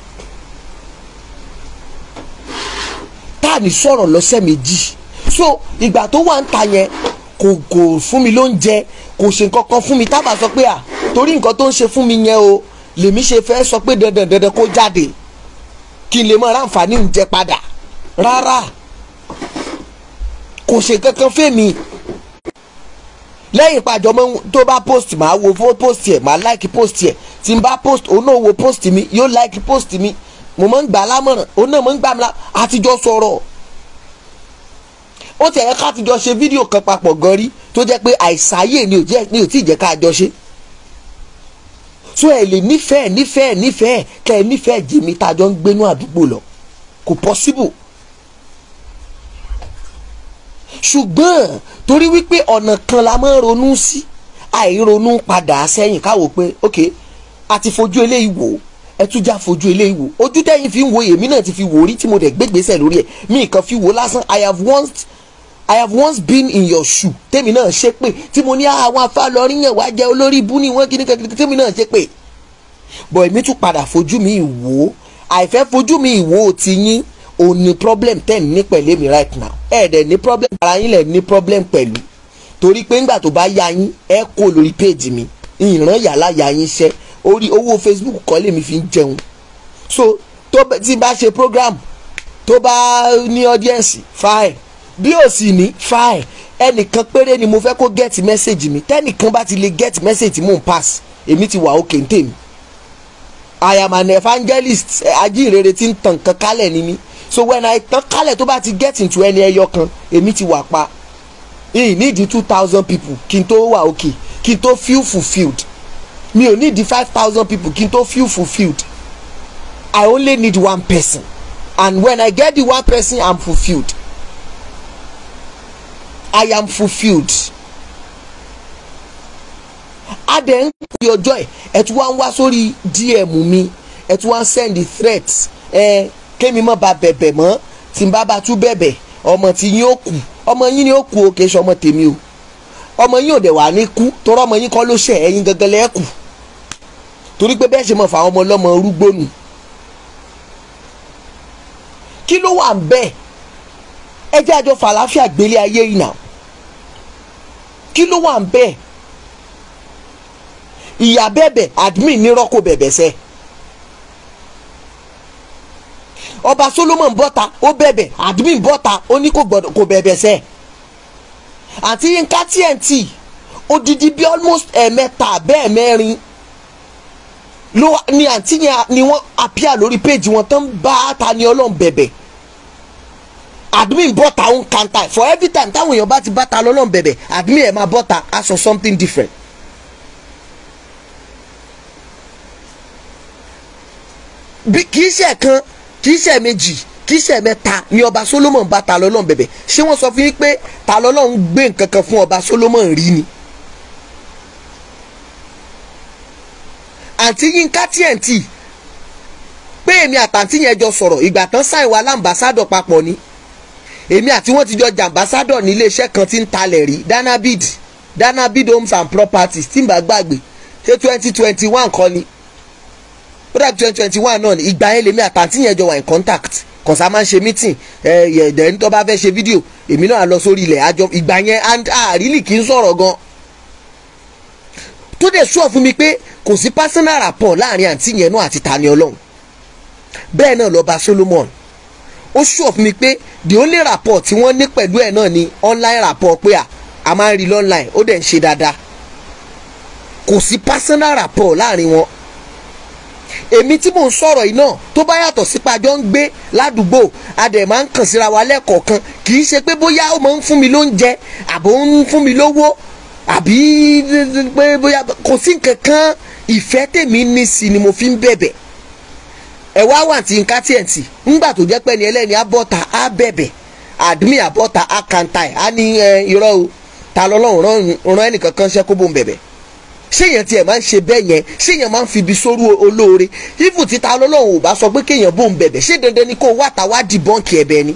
alukurani sọ̀rọ̀ lọ́sẹ̀ méjì so ìgbà tó wà ń ta yẹn kò kò fún mi lóúnjẹ kò ṣe nǹkan kan fún mi tábà sọ pé à torí nǹkan tó ń ṣe fún mi yẹn o lèmi ṣe fẹ́ sọ pé dandan dandan kó jáde kí n lè mọ ráǹfààní ń jẹ padà rárá kò ṣe kankan fẹ́mi lẹ́yìn ìpàjọ́ mọ́ tó bá post máa wo post ẹ̀ máa like post ẹ̀ tí n bá post òun náà wo post mi yóò like post mi mo máa ń gbà á lámọ̀ràn òun náà máa ń gbà mí lá àtijọ́ sọ̀rọ̀ ó ti ẹ̀yẹ ká ti jọ ṣe fídíò kan papọ̀ gan rí tó jẹ́ pé àìsáyè ni ò tí ì jẹ́ ká jọ ṣe so ẹ lè nífẹ̀ẹ́ nífẹ̀ẹ́ nífẹ̀ẹ́ kẹ́ ẹ nífẹ̀ẹ́ jèmi tá a jọ ń gbénú àdúgbò lọ kò possible ṣùgbọ́n torí wípé ọ̀nà kan la máa ń ronú sí àìronú padà sẹ́yìn káwò pé ok a ti fojú eléyìí wò ẹ tún já fojú eléyìí wò ojú tẹ́yìn fi ń wo èmi náà ti fi wò rí tí mo dẹ̀ gbégbèsè lórí ẹ̀ mi kàn fi wò lásán i have once I have once been in your shoe tèmi náà ṣe pé tí mo ní ah, àwọn afálọrin yẹn wá jẹ olórí ibú ni wọ́n kíní kankan tèmi náà ṣe pé bọ̀ èmi tún padà fojú mi wò ó àìfẹ́ fojú mi wò ó ti yín ò ní problem ten ní pẹ̀lú mi right now ẹ̀ dẹ̀ ní problem ara yín lẹ̀ ní problem pẹ̀lú torí pé ńgbà tó bá ya yín ẹ kó lórí péèjì mi ìran yàrá ya yín ṣẹ́ orí owó Facebook kọ́ lèmi fi ń jẹun so tó tí bá ṣe program tó bá ní audience fine bí ò sì ní fine ẹnìkan péré ni mo fẹ́ kó get message mi tẹ́nìkan bá ti lè get message mò ń pass èmi ti wà òkè ń tèmi I am an evangelist ajínrere tí ń tàn kan kálẹ̀ ni mí so when I tàn kálẹ̀ tó bá ti get into ẹni ẹyọ kan èmi ti wà pa e need two thousand people kí n tó wà òkè kí n tó feel fulfilled mi ò need five thousand people kí n tó feel fulfilled I only need one person and when I get the one person I'm fulfilled. I am fulfilled adẹ̀ ń pè ọjọ́ ẹ̀ ẹ̀ tún wá ń wá DM mi ẹ̀ tún send the threats. Eh, mọ́ ba bẹ̀bẹ̀ mọ́ tí n bá ba tún bẹ̀bẹ̀ ọmọ tí yín ó kù ọmọ yín ni ó kù o kì í ṣe ọmọ tèmi o ọmọ yín ò dẹ̀ wà ní kú torí ọmọ yín kọ́ ló ṣẹ̀ ẹ̀yin gangan lẹ́ kù torí pé bẹ́ẹ̀ ṣe mọ̀ fáwọn ọmọ ọlọ́mọ rúgbó kí ló wà ń bẹ́ẹ̀ ẹ jẹ́ àjọ fàlàáfíà gbélé ayé yìí náà kí ló wà ń bẹ́ẹ̀ ìyá bẹ̀bẹ̀ admin ní rọ́kò bẹ̀bẹ̀ sẹ́ ọba Solomon bọ́ta ó bẹ̀bẹ̀ admin bọ́ta ó ní kò bẹ̀bẹ̀ sẹ́ àti Yínká TNT odidi bíi almost ẹ̀ẹ̀mẹ́ta eh, bẹ́ẹ̀ mẹ́rin ló ní àǹtí yẹn ni wọ́n apia lórí péjì wọn tán bá ta ni ọlọ́run bẹ̀bẹ̀ admin bọ́ta ó ń kanta for every time táwọn èèyàn bá ti báta lọ́lọ́n bẹ̀bẹ̀ admin ẹ̀ máa bọ́ta á sọ something different. bí kì í ṣe kan kì ṣe méjì kì ṣe mẹ́ta ni ọba Solomon bá ta lọ́lọ́n bẹ̀bẹ̀ ṣé wọ́n sọ fún yín pé ta lọ́lọ́n gbé nǹkan kan fún ọba Solomon rí ni. àǹtí Yínká TNT pé èmi àtàǹtí yẹn jọ sọ̀rọ̀ ìgbà tán sáìn wa láǹbàṣádọ̀ papọ̀ ni èmi àti wọn ti jọ jàǹbásádọ̀ ní iléeṣẹ́ kan tí ń talẹ̀ rí danabid danabid homes and properties tí n bá gbàgbé ṣé twenty twenty one kọ́ ni ó dàbí twenty twenty one náà ni ìgbà yẹn lèmi àtàntì yẹn jọ wà in contact kọ̀sá máa ń ṣe meeting ẹ yẹ dẹ́n tó bá fẹ́ ṣe fídíò èmi náà lọ sórí ilẹ̀ àjọ ìgbà yẹn and àrílì kì í sọ̀rọ̀ gan tó dẹ̀ sọ fún mi pé kò sí personal rapport láàrin àǹtí yẹn náà àti Tani Olohun bẹ́ẹ̀ náà lọ́ba Solomon ó show up mi pé the only rapport tí wọ́n ní pẹ̀lú ẹ̀ náà ni online rapport pé à a máa ń rí lọ́nline ó dẹ̀ ń ṣe dáadáa kò sí personal rapport láàrin wọn èmi tí mò ń sọ̀rọ̀ yìí náà tó bá yàtọ̀ sípa jọ ń gbé ládùúgbò a dẹ̀ máa ń kàn síra wa lẹ́ẹ̀kọ̀ọ̀kan kì í ṣe pé bóyá ó máa ń fún mi lóúnjẹ àbò ń fún mi lówó àbí pé bóyá kò sí nǹkan kan ìfẹ́ tèmi ní sí ni mo fi ń bẹ̀bẹ̀ ẹ wá wà tí nǹkan tiẹ̀ tì ńgbà tó jẹ́ pẹ́ ni ẹlẹ́ni abọ́ta á bẹ̀bẹ̀ àdmí abọ́ta á kanta ẹ̀ á ní irọ́ o ta lọ́lọ́run rán ẹnìkan kan ṣẹ́ kó bó ń bẹ̀bẹ̀ ṣéèyàn tiẹ̀ máa ń ṣe bẹ́ẹ̀ yẹn ṣéèyàn máa ń fi ibi sórú olóore ifù títa lọ́lọ́run ò bá sọ pé kéèyàn bó ń bẹ̀bẹ̀ ṣé dandan ni kó wá ta wá di bọ́ǹkì ẹ̀bẹ̀ ni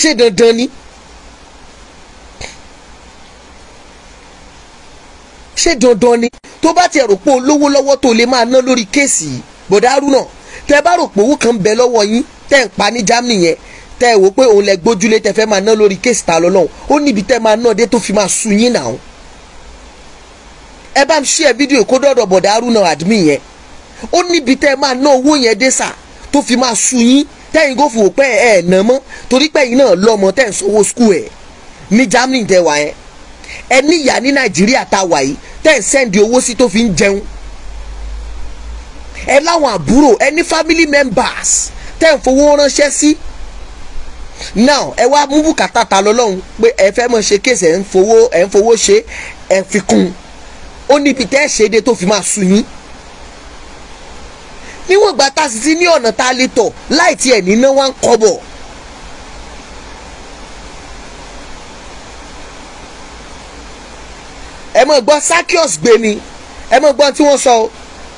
ṣé dandan ni ṣé dandan ni tó bá tiẹ̀ rò pé olówó lọ́wọ́ tó lè máa ná lórí kéèsì bọ̀dá arúnà tẹ bá rò pé owó kan bẹ lọ́wọ́ yín tẹ́ ń pa ní Germany yẹn tẹ́ ẹ wò pé òun lẹ gbójúlé tẹ́ fẹ́ máa ná lórí kéèsì ta lọ́lọ́run ó níbi tẹ́ máa ná dé tó fi máa sun yín náà ẹ bá ń ṣí fídíò kó dọ̀dọ̀ bọ̀dà arúnà admin yẹn ó níbi tẹ́ máa ná owó yẹn dé sà tó fi máa sun yín tẹ́yìn gófò pé ẹ ẹ̀ ná mọ́ torí pẹ́yìn náà lọ́mọ tẹ́ ń sanwó skul ẹ̀ ní Germany tẹ́ wà yẹn ẹ níyà ní Nàìjíríà tá wà yìí tẹ́ ń sẹ́ndì owó sí tó fi ń jẹun ẹ láwọn àbúrò ẹ ní family members tẹ́ ń fowó ránṣẹ́ sí now ẹ wá mú bùkátà ta lọ́lọ́run pé ẹ fẹ́ mọ̀ ṣe kéèsì ẹ ń fowó ẹ ń fowó ṣe ẹ fi kún ó níbi tẹ́ ẹ ṣe é dé tó fi máa sú yín níwọ̀n gba tá a sì ti ní ọ̀nà tá a tọ̀ láì tiẹ̀ níná wá ń kọ́bọ̀. ẹ mọ̀ gbọ́ Sakios gbé ni ẹ mọ̀ gbọ́ tí wọ́n sọ So,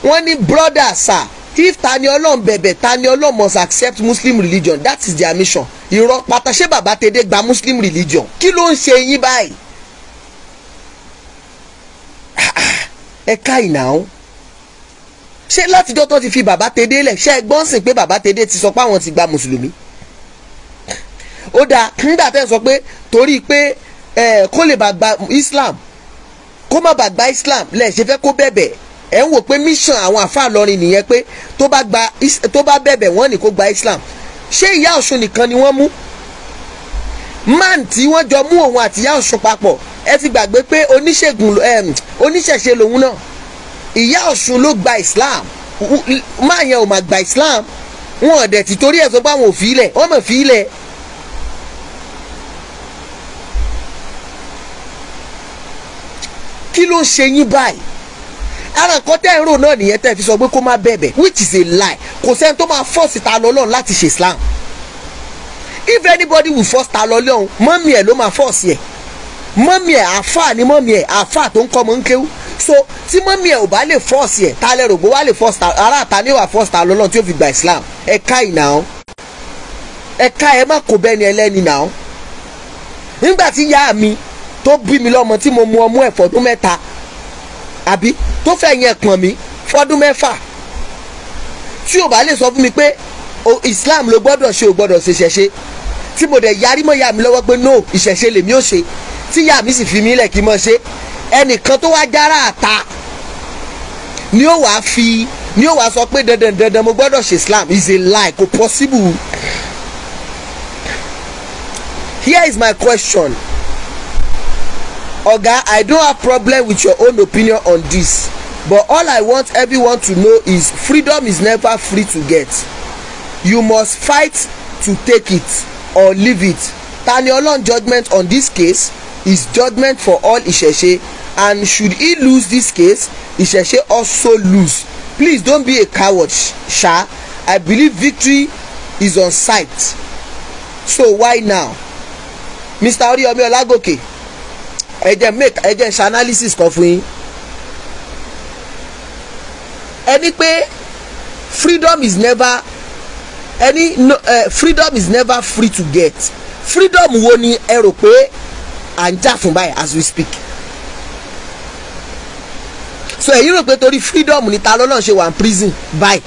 wọ́n ní brother sir if tani ọlọ́run bẹ̀bẹ̀ tani ọlọ́run must accept muslim religion that is their mission irọ́ pàtàṣé bàbá tèdè gba muslim religion kí ló ń ṣe yín báyìí ẹ ká ìnáwó ṣé látijọ́ tó ti fi bàbá tèdè lẹ̀ ṣe ẹgbọ́n sìn pé bàbá tèdè ti sọ pé àwọn ti gba mùsùlùmí ó dáa nígbà tẹ́ ẹ sọ pé torí pé kó lè bá islam kó má bàa islam lẹ̀ ṣe fẹ́ kó bẹ̀bẹ̀ ẹ̀ ń wò pé mission àwọn àfa Ìlọrin nìyẹn pé tó bá gba tó bá bẹ̀bẹ̀ wọ́n ní kó gba Islam ṣé ìyá Ọ̀ṣun nìkan ni wọ́n mú man tí wọ́n jọ mú òun àti ìyá Ọ̀ṣun papọ̀ ẹ ti gbàgbé pé oníṣègùn oníṣẹ̀ṣe lòun náà ìyá Ọ̀ṣun ló gba Islam máa yẹn ò mà gba Islam wọn ò dẹ̀ ti torí ẹ̀ sọ pé àwọn ò fi ilẹ̀ wọ́n mọ̀ fi ilẹ̀. kí ló ń ṣe yín báyìí ara nǹkan tẹ́ ń rò náà nìyẹn tẹ́ fi sọ pé kó má bẹ̀bẹ̀ which is a lie kò sẹ́ni tó máa force ta lọ́lọ́run láti ṣe Islam if anybody will force ta lọ́lọ́run mọ́mí ẹ̀ ló máa force yẹ mọ́mí ẹ̀ àáfà ni mọ́mí ẹ̀ àáfà tó ń kọ́ mọ́ ń kéwú so tí mọ́mí ẹ̀ ò bá lè force yẹ ta lẹ́rò pé wá lè force ta ara ta ni wà force ta lọ́lọ́run tí ó fi gba Islam ẹ̀ka ìnà ọ́ ẹ̀ka ẹ̀ má kó bẹ́ni ẹlẹ́ni nà ọ́ nígbà tí yá mi tó bí mi lọ́mọ tí mo mu ọmú ẹ̀fọ́dún mẹ́ta àbí tó fẹ̀yìn ẹ̀pọ̀n mi fọ́dún mẹ́fà tí ò bá lè sọ fún mi pé Islam ló gbọ́dọ̀ ṣe ò gbọ́dọ̀ ṣe ṣẹ̀ṣe tí mo dẹ̀ yarí mọ́ ìyá mi lọ́wọ́ pé no ìṣẹ̀ṣe lèmi ò ṣe tí ìyá mi sì fi mí lẹ̀ kí n mọ̀ ṣe ẹnìkan tó wá jára àta ni ó wàá fi ni ó wàá sọ pé dandan dandan mo gbọ́dọ̀ ṣe Islam is a lie kò possible here is my question oga i don't have problem with your own opinion on this but all i want everyone to know is freedom is never free to get you must fight to take it or leave it tani olon judgement on this case is judgement for all isese and should he lose this case isese also lose please don't be a coward sha i believe victory is on sight so why now mr oriyomi olagoke ẹ jẹ́ make ẹ jẹ́ ṣe analysis kan fún yín ẹni pé freedom is never any no, uh, freedom is never free to get freedom wo ni ẹ rò pé à ń jà fún báyìí as we speak so ẹ̀yin rò pé torí freedom ni ta lọ́nà ṣe wà ní prison báyìí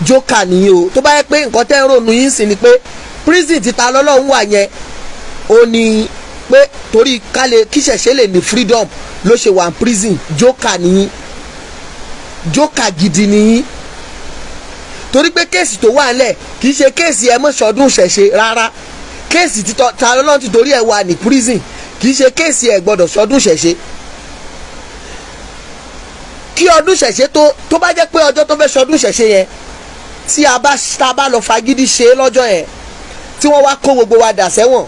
Joka nìyí o tó bá yẹ pé nǹkan tẹ́ ń ronú yín sí ni pé prison ti ta lọ́lọ́run wà yẹn ó ní pé torí kálẹ̀ kíṣẹ̀ṣẹ̀ lè ní freedom ló ṣe wà ní prison jókà nìyí jókà gidi nìyí torí pé kéèsì tó wà nílẹ̀ kì í ṣe kéèsì ẹ mọ̀ṣọ́dún ṣẹ̀ṣe rárá kéèsì títọ́ ta lọ́n torí ẹ wà ní prison kì í ṣe kéèsì ẹ gbọ́dọ̀ ṣọdún ṣẹ̀ṣe kí ọdún ṣẹ̀ṣe tó tó bá jẹ́ pé ọjọ́ tó fẹ́ ṣọdún ṣẹ̀ṣe yẹn tí a bá tá a bá lọ fagídí ṣe lọ́jọ́ yẹn tí wọ́n wá kó gbogbo wa dà sẹ́wọ̀n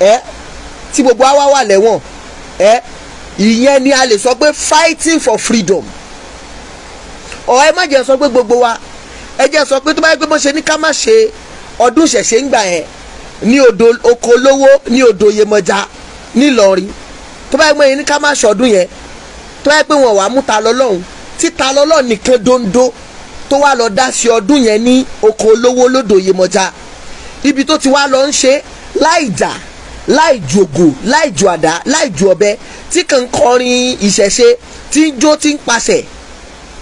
ẹ tí gbogbo àwa wà lẹ́wọ̀n ẹ ìyẹn ni a lè sọ pé fighting for freedom ọ̀ ẹ má jẹ́ sọ pé gbogbo wa ẹ jẹ́ sọ pé tó bá yẹ pé mo ṣe ní ká má ṣe ọdún ṣẹ̀ṣẹ̀ ń gbà yẹn ní odò oko olówó ní odò Yemọja nílọrin tó bá yẹ pé yẹn ní ká má ṣe ọdún yẹn tó bá yẹ pé wọn wà á mú ta lọ́lọ́run tí ta nìkan dondo tó wá lọ dá sí ọdún yẹn ní oko olówó lódò Yemọja ibi tó ti wá lọ ń ṣe láì jà láì ju ògò láì ju àdá láì ju ọ̀bẹ tí kàn ń kọrin ìṣẹ̀ṣe tí ń jó tí ń pasẹ̀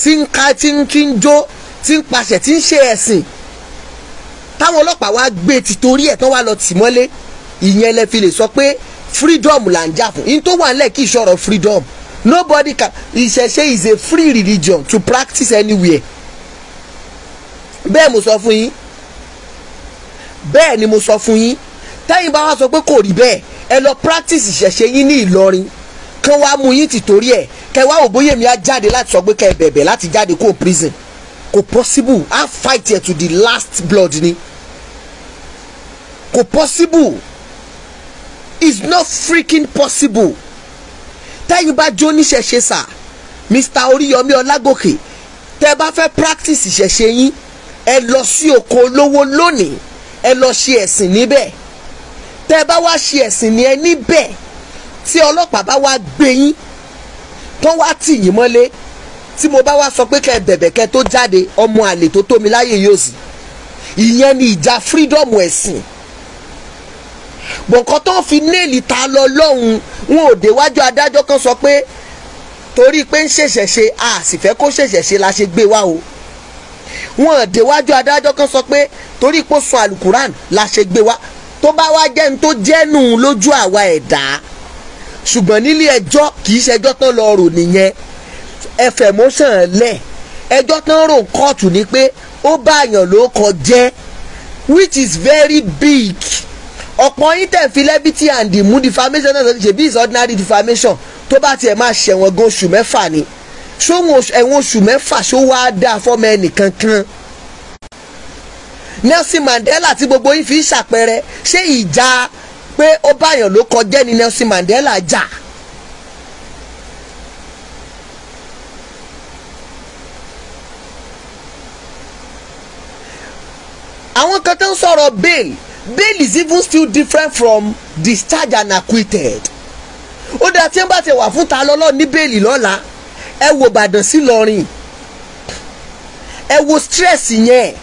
tí ń ka tí ń tí ń jó tí ń pasẹ̀ tí ń ṣe ẹ̀sìn táwọn ọlọ́pàá wá gbé ti torí ẹ̀ tán wá lọ tì mọ́lé ìyẹn lẹ fi lè sọ pé freedom là ń jà fún in tó wà nílẹ̀ kì í sọ̀rọ̀ freedom nobody can ìṣẹ̀ṣe is a free religion to practice anywhere bẹ́ẹ̀ mo sọ fún yín bẹ́ẹ̀ ni mo sọ fún yín tẹ́yìn bá wá sọ pé kò rí bẹ́ẹ̀ ẹ lọ practice ìṣẹ̀ṣe yín ní Ìlọrin kí wọ́n á mú yín ti torí ẹ̀ kẹ́ wá òbóyè mi á jáde láti sọ pé kẹ́ ẹ bẹ̀bẹ̀ láti jáde kó prison kò possible á fight ẹ̀ to the last blood ni kò possible it's not freaking possible tẹ́yìn bá jó níṣẹ̀ṣe sà Mr. Oríyọmí Ọlágòkè tẹ́ bá fẹ́ practice ìṣẹ̀ṣe yín ẹ lọ sí oko olówó lónìí ẹ lọ ṣe ẹ̀sìn níbẹ̀ tẹ́ ẹ bá wá ṣe ẹ̀sìn ni ẹ níbẹ̀ tí ọlọ́pàá bá wá gbé yín tán wá tì yín mọ́lé tí mo bá wá sọ pé kẹ́ bẹ̀bẹ̀ kẹ́ tó jáde ọmọ àlè tó tó mi láyè yóò sì ìyẹn ni ìjà fírídọ́ọ̀mù ẹ̀sìn bọ̀ǹkan tó ń fi néèlì ta lọ lọ́hùn wọn ò déwájú adájọ́ kan sọ pé torí pé ń ṣẹ̀ṣẹ̀ ṣe a sì fẹ́ kó ṣẹ̀ṣẹ̀ ṣe la ṣe gbé wá o wọn ò déwájú adájọ́ kan sọ pé torí pé ó sun alukuran la ṣe gbé wá tó bá wá jẹ́ ní tó jẹ́ lójú àwa ẹ̀dá ṣùgbọ́n nílé ẹjọ́ kì í ṣẹjọ́ tán lọ rò nìyẹn ẹfẹ̀mọ́sàn lẹ̀ ẹjọ́ tán rò kóòtù ni pé ó báyàn ló kọ jẹ́ which is very big ọ̀pọ̀ yín tẹ̀ fi lẹ́bìtì and mú defamation náà ṣe bí is ordinary defamation tó bá tiẹ̀ máa ṣẹ̀wọ̀n gan oṣù mẹ́fà ni ṣóhun ẹ̀wọ̀n oṣù mẹ́fà ṣó wáá dáa fọ́mọ ẹnì kankan. Nelson Mandela tí gbogbo yín fi ṣàpẹẹrẹ ṣé ìjà pé ó báyàn ló kọjá ni Nelson Mandela jà. àwọn kan tó ń sọ̀rọ̀ bail bail is even still different from discharge and acquitted ó dáa tí wọ́n bá ti wà fún ta lọ́lọ́ ní bẹ́ẹ̀lì lọ́la ẹ wo Ìbàdàn sí lọ́rin ẹ wo stress yẹn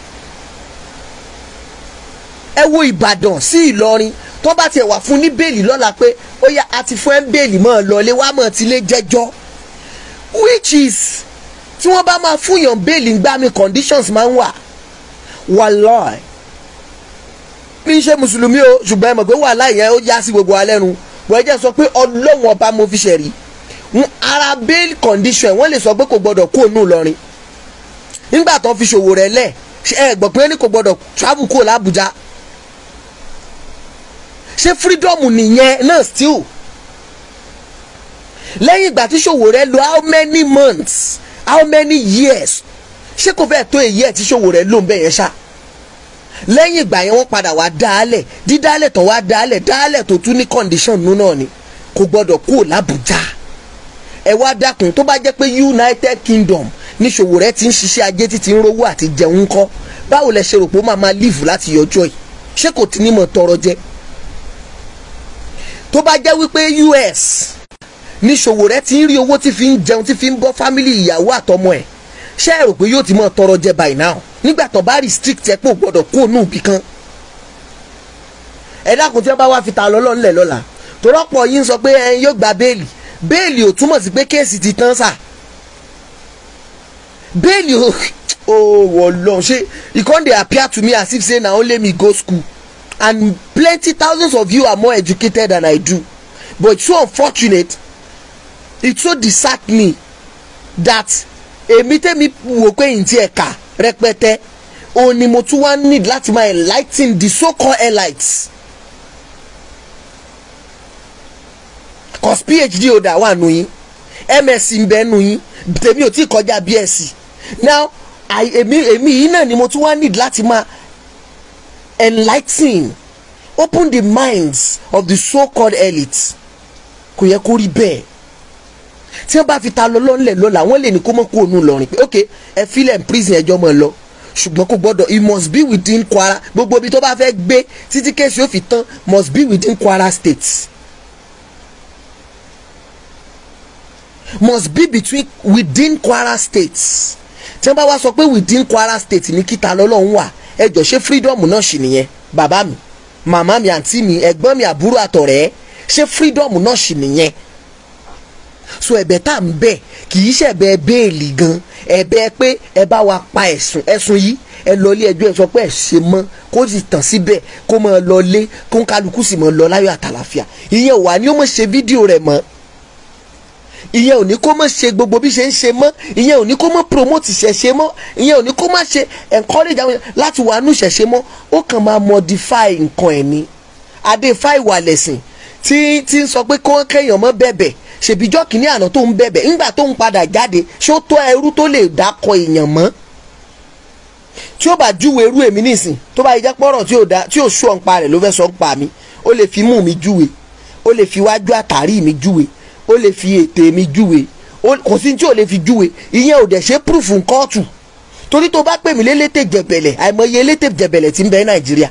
ẹ wo ìbàdàn sí ìlọrin tó bá tiẹ̀ wà fún ní bẹ́ẹ̀lì lọ́la pé ó yá a ti fún ẹ bẹ́ẹ̀lì mọ́ lọ́lé wàá mọ̀ tilé jẹ́jọ́ which is tí wọ́n bá máa fún yàn bẹ́ẹ̀lì gbá mi conditions máa ń wà wàláì bí ṣe mùsùlùmí o ṣùgbọ́n ẹ mọ̀ pé wàhálà yẹn ó yá sí gbogbo alẹ́ nu wọ́n ẹ jẹ́ sọ pé ọlọ́wọ́n ọba mo fi ṣẹ̀rí ara bail condition wọ́n lè sọ pé kò gbọ́dọ̀ kó ònú lọ́rin nígbà tó fi ṣòwò rẹ̀ lẹ̀ ẹ gbọ́ pé ní kò gbọ́dọ̀ travel kó l'Abuja ṣé freedom nìyẹn náà still lẹ́yìn ìgbà tí Sowore lò how many months how many years ṣé kò fẹ́ẹ̀ tó èyí ẹ̀ tí Sowore lò ń bẹ̀ yẹn ṣá lẹ́yìn ìgbà yẹn wọ́n padà wá dálẹ̀ dídálẹ̀ tó wá dálẹ̀ dálẹ̀ tó tún ní condition nù náà ni kò gbọ́dọ̀ kúrò l'Abuja ẹ wá dákun tó bá jẹ́ pé United Kingdom ní Sowore ti ń ṣiṣẹ́ ajé títí ń rówó àti jẹun ńkọ́ báwo lẹ ṣe rò pé ó máa máa leave láti yọjọ́ yìí ṣé kò tí ní mọ̀ tọrọ jẹ́ tó bá jẹ́ wípé US ní Sowore ti ń rí owó tí fi ń jẹun tí fi ń bọ́ fámìlì ìyàwó àtọmọ ẹ̀ ṣé ẹ rò pé yóò ti mọ tọrọ jẹ by now nígbà tó bá restrict ẹ pé ò gbọdọ̀ kó nù bí kan ẹ dákun tí wọ́n bá wá fi ta lọ́lọ́ ńlẹ̀ lọ́la torọ́pọ̀ yìí ń sọ pé ẹ yóò gba béèlì béèlì ò túmọ̀ sí pé kéèsì ti tán sà béèlì ò wọ̀ lọ ṣe e come dey appear to me as if say na only me go school and plenty thousands of you are more educated than I do but so unfortunate it so dissact me that èmi tẹ́mi wò pé ìntí ẹ̀ka rẹpẹtẹ òun ni mo tún wá need láti máa enlightening the so-called elites cos phd holder wà nù yín msc ń bẹ nù yín tèmi ò tí kọjá bsc now èmi èmi yìí náà ni mo tún wá need láti máa enlightening open the minds of the so-called elites. kò yẹ kó rí bẹ́ẹ̀ tí wọ́n bá fi ta lọ́lọ́ ńlẹ̀ lọ́la wọ́n lè ní kó mọ́ kó onú lọ́rin pé ok ẹ filẹ̀ ń prison ẹjọ́ mọ́ ẹ lọ ṣùgbọ́n kò gbọ́dọ̀ it must be within Kwara gbogbo ibi tó bá fẹ́ gbé títí kéṣì ó fi tán must be within Kwara state must be between within Kwara state tí wọ́n bá wá sọ pé within Kwara state ní kíta lọ́lọ́ ń wà ẹ jọ ṣé freedom náà ṣì nìyẹn bàbá mi màmá mi àǹtí mi ẹ̀gbọ́n mi àbúrò àtọ̀rẹ́ ṣé freedom náà ṣì nìyẹn so ẹ̀bẹ̀ tá à ń bẹ̀ kì í ṣẹ̀bẹ̀ béèlì gan ẹ̀bẹ̀ pé ẹ bá wa pa ẹ̀sùn ẹ̀sùn yìí ẹ lọ ilé ẹjọ́ ẹ sọ pé ẹ ṣe mọ́ kó sì tàn síbẹ̀ kó máa lọ lé kó ń kálukú sì máa lọ láyọ̀ àtàlàfíà ìyẹn wà ní ó mọ̀ ṣe fídíò rẹ̀ mọ́ ìyẹn ò ní kó má ṣe gbogbo bí ṣe ń ṣe mọ́ ìyẹn ò ní kó má promote ṣẹ̀ṣẹ̀ mọ́ ìyẹn ò ní kó má ṣe encourage àwọn láti wà nù ṣẹ̀ṣẹ̀ mọ́ ó kàn máa modify nǹkan ẹ̀ ni adefy wà lẹ̀sìn tí tí ń sọ pé kó kẹ́yàn mọ́ bẹ̀bẹ̀ ṣèbíjọ́ kìíní àná tó ń bẹ̀bẹ̀ ńgbà tó ń padà jáde ṣé ó tó ẹrú tó lè dákọ èèyàn mọ́ tí ó bá júwe irú èmi nísìn tó bá yẹ jẹ́ pọ́rọ̀ tí ò da tí ò sú ọ̀npa rẹ̀ ló fẹ́ sọ ń mi ó lè fi mú mi júwe ó lè fi wájú àtàrí mi júwe ó lè fi ètè mi júwe kò sí tí ò lè fi júwe ìyẹn ò dẹ̀ ṣe púrùfù kóòtù torí tó bá pè mí lélétè jẹ̀bẹ̀lẹ̀ àìmọye elétè jẹ̀bẹ̀lẹ̀ tí ń bẹ nàìjíríà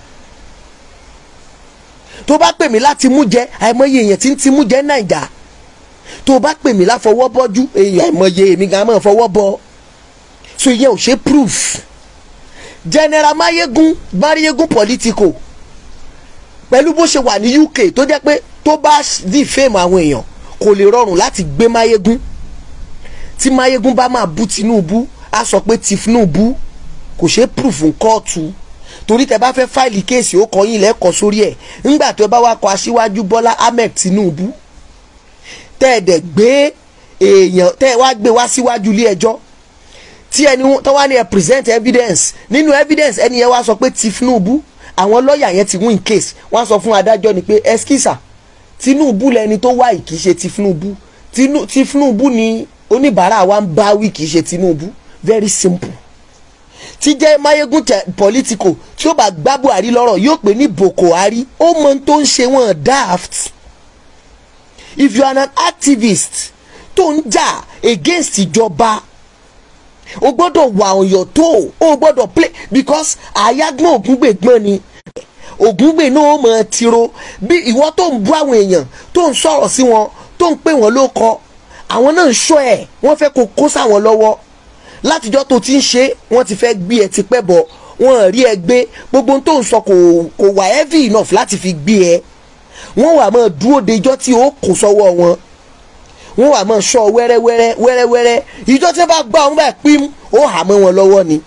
tó bá pè mí láti mú jẹ àìmọye èèyàn tí ń ti mú jẹ nàìjà tó bá pè mí láfọwọ́ bọ́jú èèyàn àìmọye èmi gan máa fọwọ́ bọ so ìyẹn ò ṣe proof general mayegun mayegun politico pẹ̀lú bó ṣe wà ní UK tó jẹ́ pé tó bá defame àwọn èèyàn kò lè rọrùn láti gbé Máyégún tí Máyégún bá máa bú Tinubu á sọ pé Tinubu kò ṣeé proof ń kóòtù torí tẹ bá fẹ́ fáìlì kéèsì ó kọ yín lẹ́kọ̀ọ́ sórí ẹ̀ ńgbà tó bá wá kọ aṣíwájú Bọ́lá Ahmed Tinubu tẹ́ ẹ̀ dẹ̀ gbé èèyàn tẹ́ ẹ wá gbé wá síwájú ilé ẹjọ́ tí ẹni tó wá ní ẹ present evidence nínú evidence ẹni yẹn wá sọ pé Tinubu àwọn lọ́ọ̀yà yẹn ti win case wọ́n sọ fún adájọ́ ni pé ẹ skisa Tinubu lẹni tó wá yìí kì í ṣe Tinubu Tinubu ni oníbàárà wa ń bá wí kì ṣe Tinubu very simple tí jẹ́ mayegun politico tí ó bá gbá Buhari lọ́rọ̀ yóò pè ní Boko Hari ó mọ tó ń ṣe wọn daft if you are an activist tó ń jà against ìjọba o gbọ́dọ̀ wà on your o gbọ́dọ̀ play because àyágbọ́n ògúngbẹ̀gbọ́n ni ògúngbè náà mọ̀ tiro bí ìwọ tó ń bú àwọn èèyàn tó ń sọ̀rọ̀ sí wọn tó ń pè wọ́n ló kọ àwọn náà ń sọ ẹ̀ wọ́n fẹ́ kó kó sáwọn lọ́wọ́ látijọ́ tó ti ń ṣe wọ́n ti fẹ́ gbé ẹ ti pẹ́ bọ̀ wọ́n rí ẹ gbé gbogbo tó ń sọ kò kò wà heavy enough láti fi gbé ẹ wọ́n wà máa dúró dejọ́ tí ó kò sọ́wọ́ wọn wọ́n wà máa sọ wẹ́rẹ́wẹ́rẹ́ wẹ́rẹ́wẹ́rẹ́ ìjọ tí wọ́n bá gbá wọn báyìí pín ó hà mọ́ wọn lọ́wọ́ ni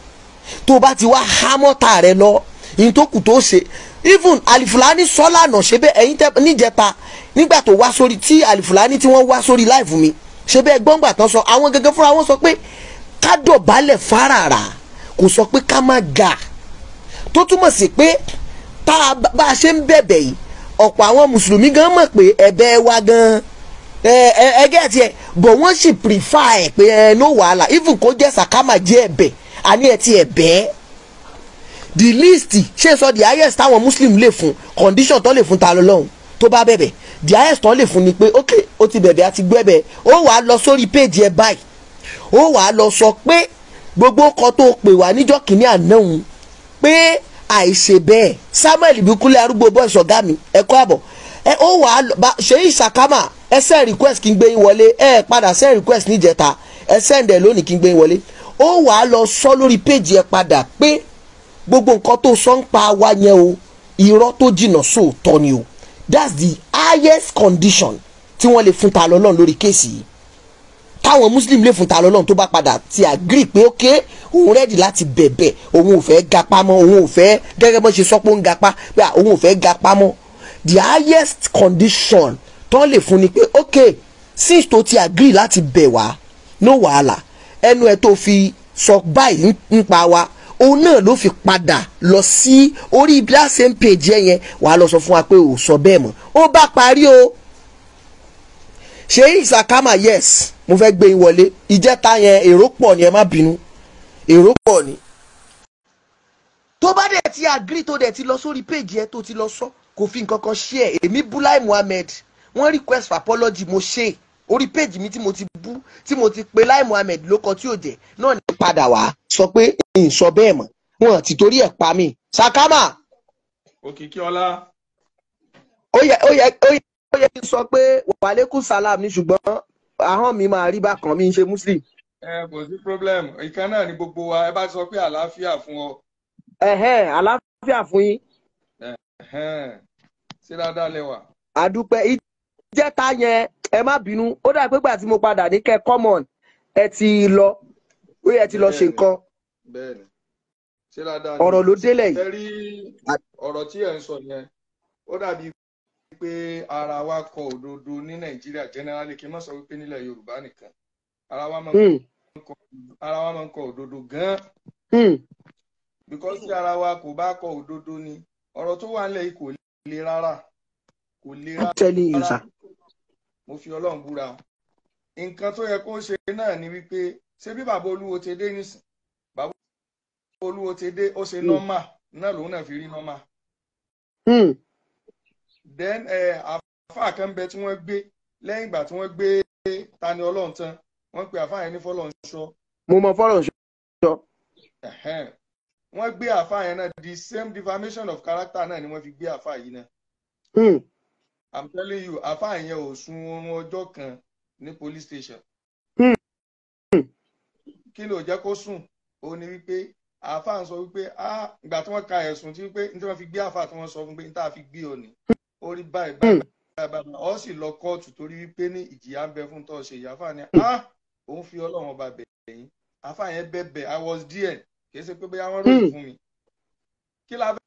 tó bá ti wá hámọ́ta rẹ lọ ìyìn tó kù tó ṣe even alifulani sọ́lá àná ṣe bẹ́ẹ̀ ẹ̀yin tẹ́ níjẹta nígbà tó wá sórí tí alifulani tí wọ́n wá sórí láìfù mi ṣe bẹ́ẹ̀ gbọ́ngbà tán sọ àwọn gẹ́gẹ́ fúnra wọn sọ pé ká dọ̀bálẹ̀ fáràrà kò sọ pé ká má ga tó túmọ̀ sí pé tá a bá a ṣe ń bẹ̀bẹ̀ yìí ọ̀pọ̀ àwọn mùsùlùmí gan mọ̀ pé ẹ̀bẹ̀ wa gan ẹgẹ́ ẹ̀ tiẹ̀ bọ̀ wọ́n sì prefer ẹ̀ pé ẹ̀ no wàhálà even kó jẹ́ sàkámà jẹ́ ẹ̀bẹ̀ àní ẹ̀ ti ẹ̀bẹ̀ the least ṣé sọ the highest táwọn muslim lè fún condition tó lè fún ta lọ́lọ́run tó bá bẹ̀bẹ̀ the highest tó lè fún ni pé ok ó ti bẹ̀bẹ̀ àti gbẹ̀bẹ̀ ó wàá lọ sórí péjì ẹ báyìí ó wàá lọ sọ pé gbogbo kan tó pè wá níjọ́ kìíní àná òun pé àìṣe bẹ́ẹ̀ samuel ibikule arúgbó boys ọ̀gá mi ẹ̀kọ́ àbọ̀ ẹ ó wàá ṣe ìṣàkámà ẹ request kí n gbé yín wọlé ẹ padà send request níjẹta ẹ send ẹ lónìí kí n gbé yín wọlé ó wàá lọ sọ lórí péjì ẹ padà pé gbogbo nǹkan tó sọ ń pa wa yẹn o irọ́ tó jìnnà sóòótọ́ ni o that's the highest condition tí wọ́n lè fún ta lọ́lọ́run lórí kéèsì yìí táwọn muslim lè fún ta lọ́lọ́run tó bá padà ti agree pé ok òun rẹ́dì láti bẹ̀bẹ̀ òun ò fẹ́ gapá mọ́ òun ò fẹ́ gẹ́gẹ́ bó ṣe sọ pé ó ń gapá òun ò fẹ́ gapá mọ́ the highest condition tán lè fún ni pé ok since tó ti agree láti bẹ̀ wá no wàhálà ẹnu ẹ tó fi sọ báyìí nípa wa òun náà ló fi padà lọ sí orí black same page yẹn yẹn wàá lọ sọ fún wa pé ò sọ bẹ́ẹ̀ mọ́ ó bá parí o ṣé ìsàkámà yes mo fẹ́ gbé ìwọlé ìjẹta yẹn èrò pọ̀ ni ẹ má bínú èrò pọ̀ ni. tó bá dẹ̀ ti agree tó dẹ̀ ti lọ sórí page yẹn tó ti lọ sọ kò fi nǹkan kan ṣe ẹ̀ èmi Bulai Muhammed wọ́n request for apology mo ṣe é orí péjì mi tí mo ti bú tí mo ti pe Lai Muhammed lóko tí ò jẹ náà ní padà wá sọ pé n sọ bẹ́ẹ̀ mọ́ wọn ti torí ẹ̀ pa mí sakama. òkìkí ọlá. ó yẹ kí n sọ pé wàlékún salam ni ṣùgbọ́n ahọ́n mi máa rí bákan mi ń ṣe muslim. ẹ kò sí problem ìkan náà ni gbogbo wa ẹ bá sọ pé àlàáfíà fún ọ. ẹhẹn àlàáfíà fún yín. ẹhẹn ṣé dáadáa lẹ wà. àdúpẹ́ jẹ́ta yẹn ẹ má bínú ó dà pé gbà tí mo padà ní kẹ́ common ẹ ti lọ ó yẹ ti lọ ṣe nǹkan ọ̀rọ̀ ló délẹ̀ yìí. ọ̀rọ̀ tí ẹ̀ ń sọ yẹn ó dàbí pé ara wa kọ òdodo ní nàìjíríà generally kí n má sọ wípé nílẹ̀ yorùbá nìkan ara wa máa ń hmm. kọ òdodo gan-an hmm. because tí ara wa kò bá kọ òdodo ni ọ̀rọ̀ tó wà nílẹ̀ yìí kò le rárá. Telling you rárá mo fi ọlọ́run búra o nǹkan tó yẹ kó ṣe náà ni wípé ṣé bí bàbá olúwo ti dé nísìn bàbá olúwo ti dé ó ṣe hmm. nọ́mà náà lòun náà fi rí nọ́mà. Hmm. then eh, àfáà kan bẹ tí wọ́n gbé lẹ́yìn ìgbà tí wọ́n gbé tani ọlọ́run tán wọ́n pe àfáà yẹn ní fọlọ́nṣọ́. mo mọ fọlọ́nṣọ́. wọ́n gbé àfáà yẹn náà the same defamation of character náà ni wọ́n fi gbé àfáà yìí náà. Hmm i'm telling you àfáà yẹn ò sun oorun ọjọ́ kan ní police station. Hmm. kí ló jẹ́ kó sùn ó ní wípé àáfàá ń sọ wípé ah, ìgbà tí wọ́n ka ẹ̀sùn tí wípé ní tí wọ́n fi gbé àáfàá tí wọ́n sọ fún pé ní tá a fi gbé òní ó rí hmm. báyìí báyìí báyìí ó sì lọ kóòtù torí wípé ní ìjìyà ń bẹ fún tó ṣe ìyá àáfàá ni ah, òun fi ọlọ́run ọba bẹ̀rẹ̀ yín àáfàá yẹn bẹ̀bẹ̀ i was there kì í ṣe pé bóyá wọ́n ròyìn hmm. fún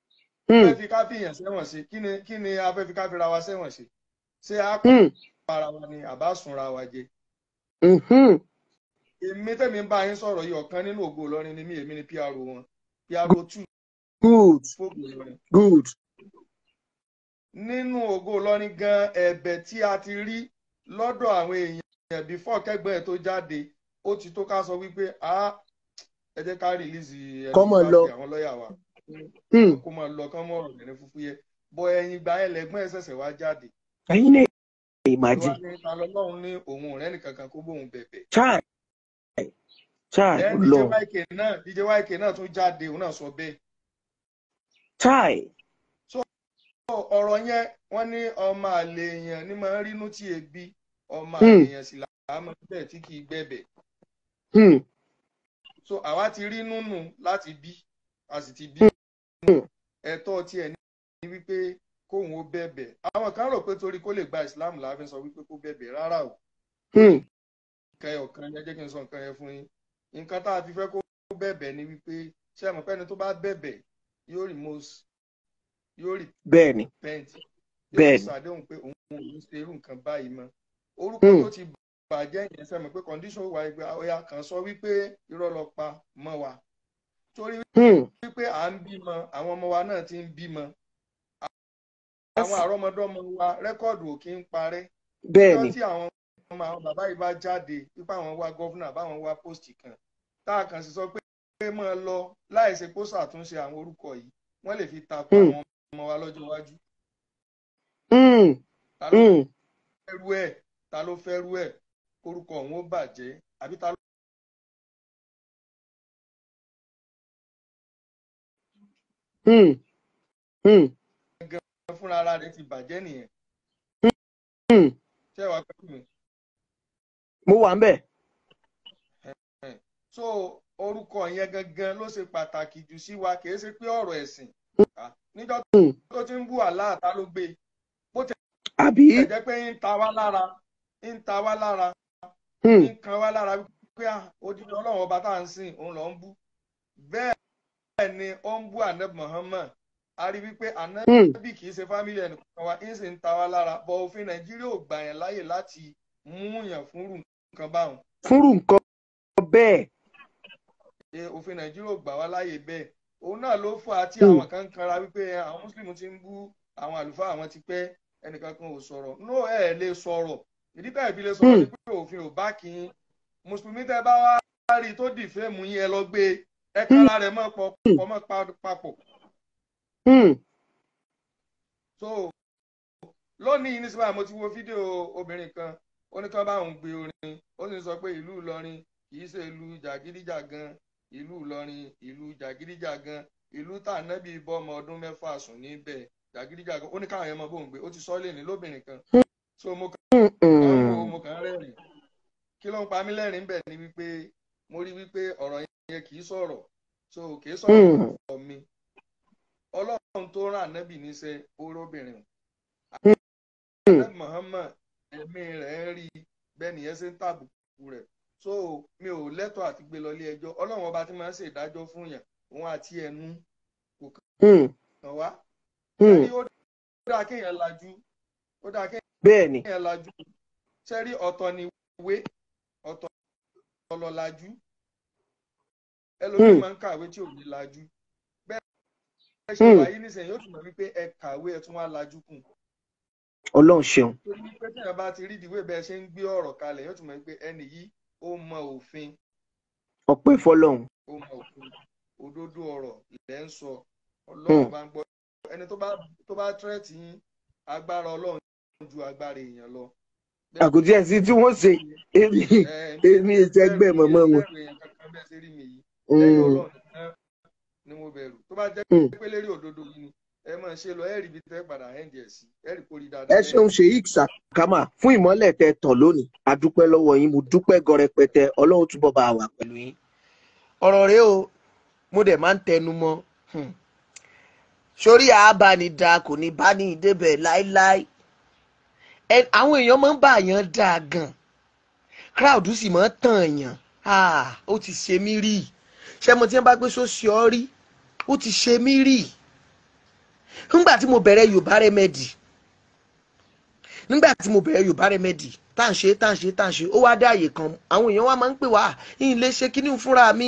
Hmm. fẹ́ fi ká fìyàn sẹ́wọ̀n sí kí ni kí ni a fẹ́ fi ká fira wa sẹ́wọ̀n sí ṣé a kò hmm. para wa ni àbá sunra wa jẹ. Hmm. èmi tẹ́mi bá yín sọ̀rọ̀ yìí ọ̀kan nínú ògo Ìlọrin ni mí èmi ni pr wọn pr two. good good. nínú ògo Ìlọrin gan ẹ̀bẹ̀ tí a ti rí lọ́dọ̀ àwọn èèyàn before kẹ́gbọ́n ẹ̀ tó jáde ó ti tó ká sọ wípé a ah, ẹ jẹ́ ká rìlíìsì ẹ̀ ní àwọn lọ́ọ̀yà wa. Hmm. kó máa lọ kán mọ́ ọ̀rọ̀ rẹ̀ fúfú yẹ bọ ẹyin gba ẹlẹgbọn ẹsẹsẹ wá jáde. ẹyin lè imagine. ọlọ́run ní òun rẹ̀ nìkan kó bóun bẹ̀bẹ̀. chai chai lọ. DJ YK náà tún jáde òun náà sọ bẹ́ẹ̀. chai. so ọ̀rọ̀ yẹn wọ́n ní ọmọ àlè èèyàn ní máa ń rínú tí ebi ọmọ àlè hmm. èèyàn sì làá máa ń bẹ̀ tí kì í gbẹ̀bẹ̀. Hmm. so àwa ti rí nùnù láti bí a sì ti bí ẹ̀tọ́ tiẹ̀ ní wípé kóun ó bẹ̀bẹ̀ àwọn kan rò pé torí kó lè gba islam la fi sọ wípé kó bẹ̀bẹ̀ rárá o. Hmm. nǹkan ẹ̀ ọ̀kan ẹ jẹ́ kí n sọ nǹkan yẹn fún yín nǹkan tá a fi fẹ́ kó bẹ̀bẹ̀ ni wípé ṣé àmọ́ pẹ́ni tó bá bẹ̀bẹ̀ yóò rí mos yóò rí bẹ́ẹ̀ni bẹ́ẹ̀ni yóò ṣàdéhùn pé òun ò ní ṣe irú nǹkan báyìí mọ́ orúkọ hmm. tó ti bàjẹ́ yẹn sẹ́mi pé condition wà ẹgbẹ́ ọ̀yà kan sọ wípé irọ́ lọ pa mọ́ wa torí hmm. wípé à ń bímọ àwọn ọmọ wa náà ti ń bímọ àwọn àrọ́mọdọ́mọ wa rẹ́kọ́ọ̀dù ò kí ń parẹ́ bẹ́ẹ̀ni tí àwọn ọmọ àwọn bàbá yìí bá jáde wípé àwọn wá gọ́fúnà báwọn wá pósìtì kan tá a kàn sì sọ pé pé máa lọ láì ṣe kó àwọn orúkọ yìí wọ́n lè fi tako hmm. àwọn ọmọ wa lọ́jọ́ iwájú. Hmm. ta ló fẹ́ rú ẹ̀ ta ló fẹ́ rú ẹ̀ kórúkọ òun ó bàjẹ́ àbí ta ló. gan hmm. hmm. fúnra ara rẹ̀ ti bàjẹ́ nìyẹn. Hmm. ṣé wàá pẹ́ mo wà ń bẹ̀. so orúkọ yẹn gangan ló ṣe pàtàkì jù sí wa kì í ṣe pé ọ̀rọ̀ ẹ̀sìn ah, níjọ́ tó ti ń bú àláàtá ló gbé bó ti bẹ́ẹ̀ ni ó ń bú ànábì Muhammad a rí wípé ànábì hmm. kì í ṣe fámìlì ẹnì kan wa ń sì ń ta wa lára bọ òfin Nàìjíríà ò gbà yẹn láàyè láti mú yàn fúnrú nǹkan báwọn. fúnrú nǹkan bẹ́ẹ̀. ṣe òfin Nàìjíríà ò gbà wá láàyè bẹ́ẹ̀ òun náà ló fà á tí hmm. àwọn kan kanra wípé àwọn mùsùlùmí ti ń bú àwọn àlùfáà àwọn ti pẹ́ ẹnìkan kan ò sọ̀rọ̀ no ẹ̀ lè sọ̀rọ̀ ìdí tá ìbílẹ̀ sọ̀rọ̀ hmm. ni pé òfin ò bá kí mùsùlùmí tẹ́ bá ẹ̀ka ara rẹ̀ mọ́ pọ̀ pọ̀ hmm. mọ́ papọ̀. Hmm. so lónìí ní sábà mo ti wo fídíò obìnrin kan ó ní kí wọ́n bá òun gbé orin ó sì ń sọ pé ìlú Ìlọrin kì í ṣe ìlú jàgídíjàgan ìlú Ìlọrin ìlú jàgídíjàgan ìlú tànàbí bọ́mọ ọdún mẹ́fà sùn níbẹ̀ jàgídíjàgan ó ní káwọn mọ bóun gbé ó ti sọ kan hmm. so mo kàn mo kàn kí ló ń pa mí lẹ́rìn bẹ̀ ni wípé mo rí wípé ọ̀rọ̀ yẹn kì í sọ̀rọ̀ so kì í sọ̀rọ̀ hmm. mi ọlọ́run tó rán ànábì níṣẹ́ orobìnrin hmm. ànábì Muhammad ẹ̀mí rẹ̀ ń rí bẹ́ẹ̀ nìyẹn ṣe ń tàbùkù rẹ̀ so mi ò lẹ́tọ̀ọ́ àti gbé lọ ilé ẹjọ́ ọlọ́run ọba tí máa ń ṣe ìdájọ́ fún yàn òun àti ẹnu kò kàn hmm. wá ó dáa kéèyàn lajú ó dáa kéèyàn lajú ṣẹ́rí ọ̀tọ̀ ni ìwé ọ̀tọ̀ lọ́lajú ẹlòmíì hmm. máa ń kàwé tí ò ní lajú bẹ́ẹ̀ ẹ ṣe hmm. wáyé nísìnyí yóò tún mọ̀ wípé ẹ kàwé ẹ tún wá lajú kù. ọlọ́run ṣeun. torí pé tí èèyàn bá ti rí ìdíwé bẹ́ẹ̀ ṣe ń gbé ọ̀rọ̀ kalẹ̀ yóò tún mọ̀ wípé ẹnì yìí ó mọ òfin. ọpẹ́ fọ́lọ́run. ó mọ òfin òdodo ọ̀rọ̀ ilẹ̀ ń sọ hmm. ọlọ́run bá ń gbọ́ ẹni tó àkùtì ẹ̀sìn tí wọ́n ṣe èmi èmi ìṣẹ́gbẹ́ mọ̀mọ́ wọn lẹ́yìn mm. ọlọ́run ni mo bẹ̀rù tó bá jẹ́ pé mm. lérí òdodo yìí ni ẹ máa ṣe lọ ẹ̀rì ibi tẹ́ padà ẹ̀ǹdì ẹ̀ sí ẹ̀rì kò rí dáadáa. ẹ ṣeun Sheikh Sakama fún ìmọ́lẹ̀ tẹ tàn lónìí a dúpẹ́ lọ́wọ́ yín mo dúpẹ́ gọrẹpẹtẹ ọlọ́run túbọ̀ bá wà pẹ̀lú yín. ọ̀rọ̀ rẹ o mo dẹ̀ máa ń tẹnu mọ́ hmm. sórí àbánidá kò ní bá ní ìdébẹ̀ láéláé àwọn èèyàn máa ń bá àyàn dáa gan crowd sì máa ń tàn yàn ah, ó ti ṣe mí rí i ṣé mo ti ń bá pé sósì ọ rí ó ti ṣe mí rí nígbà tí mo bẹ̀rẹ̀ Yorùbá Remedy nígbà tí mo bẹ̀rẹ̀ Yorùbá Remedy tá à ń ṣe tá à ń ṣe tá à ń ṣe ó wá dé àyè kan àwọn èèyàn wa máa ń pè wá n lè ṣe kíní fúnra mi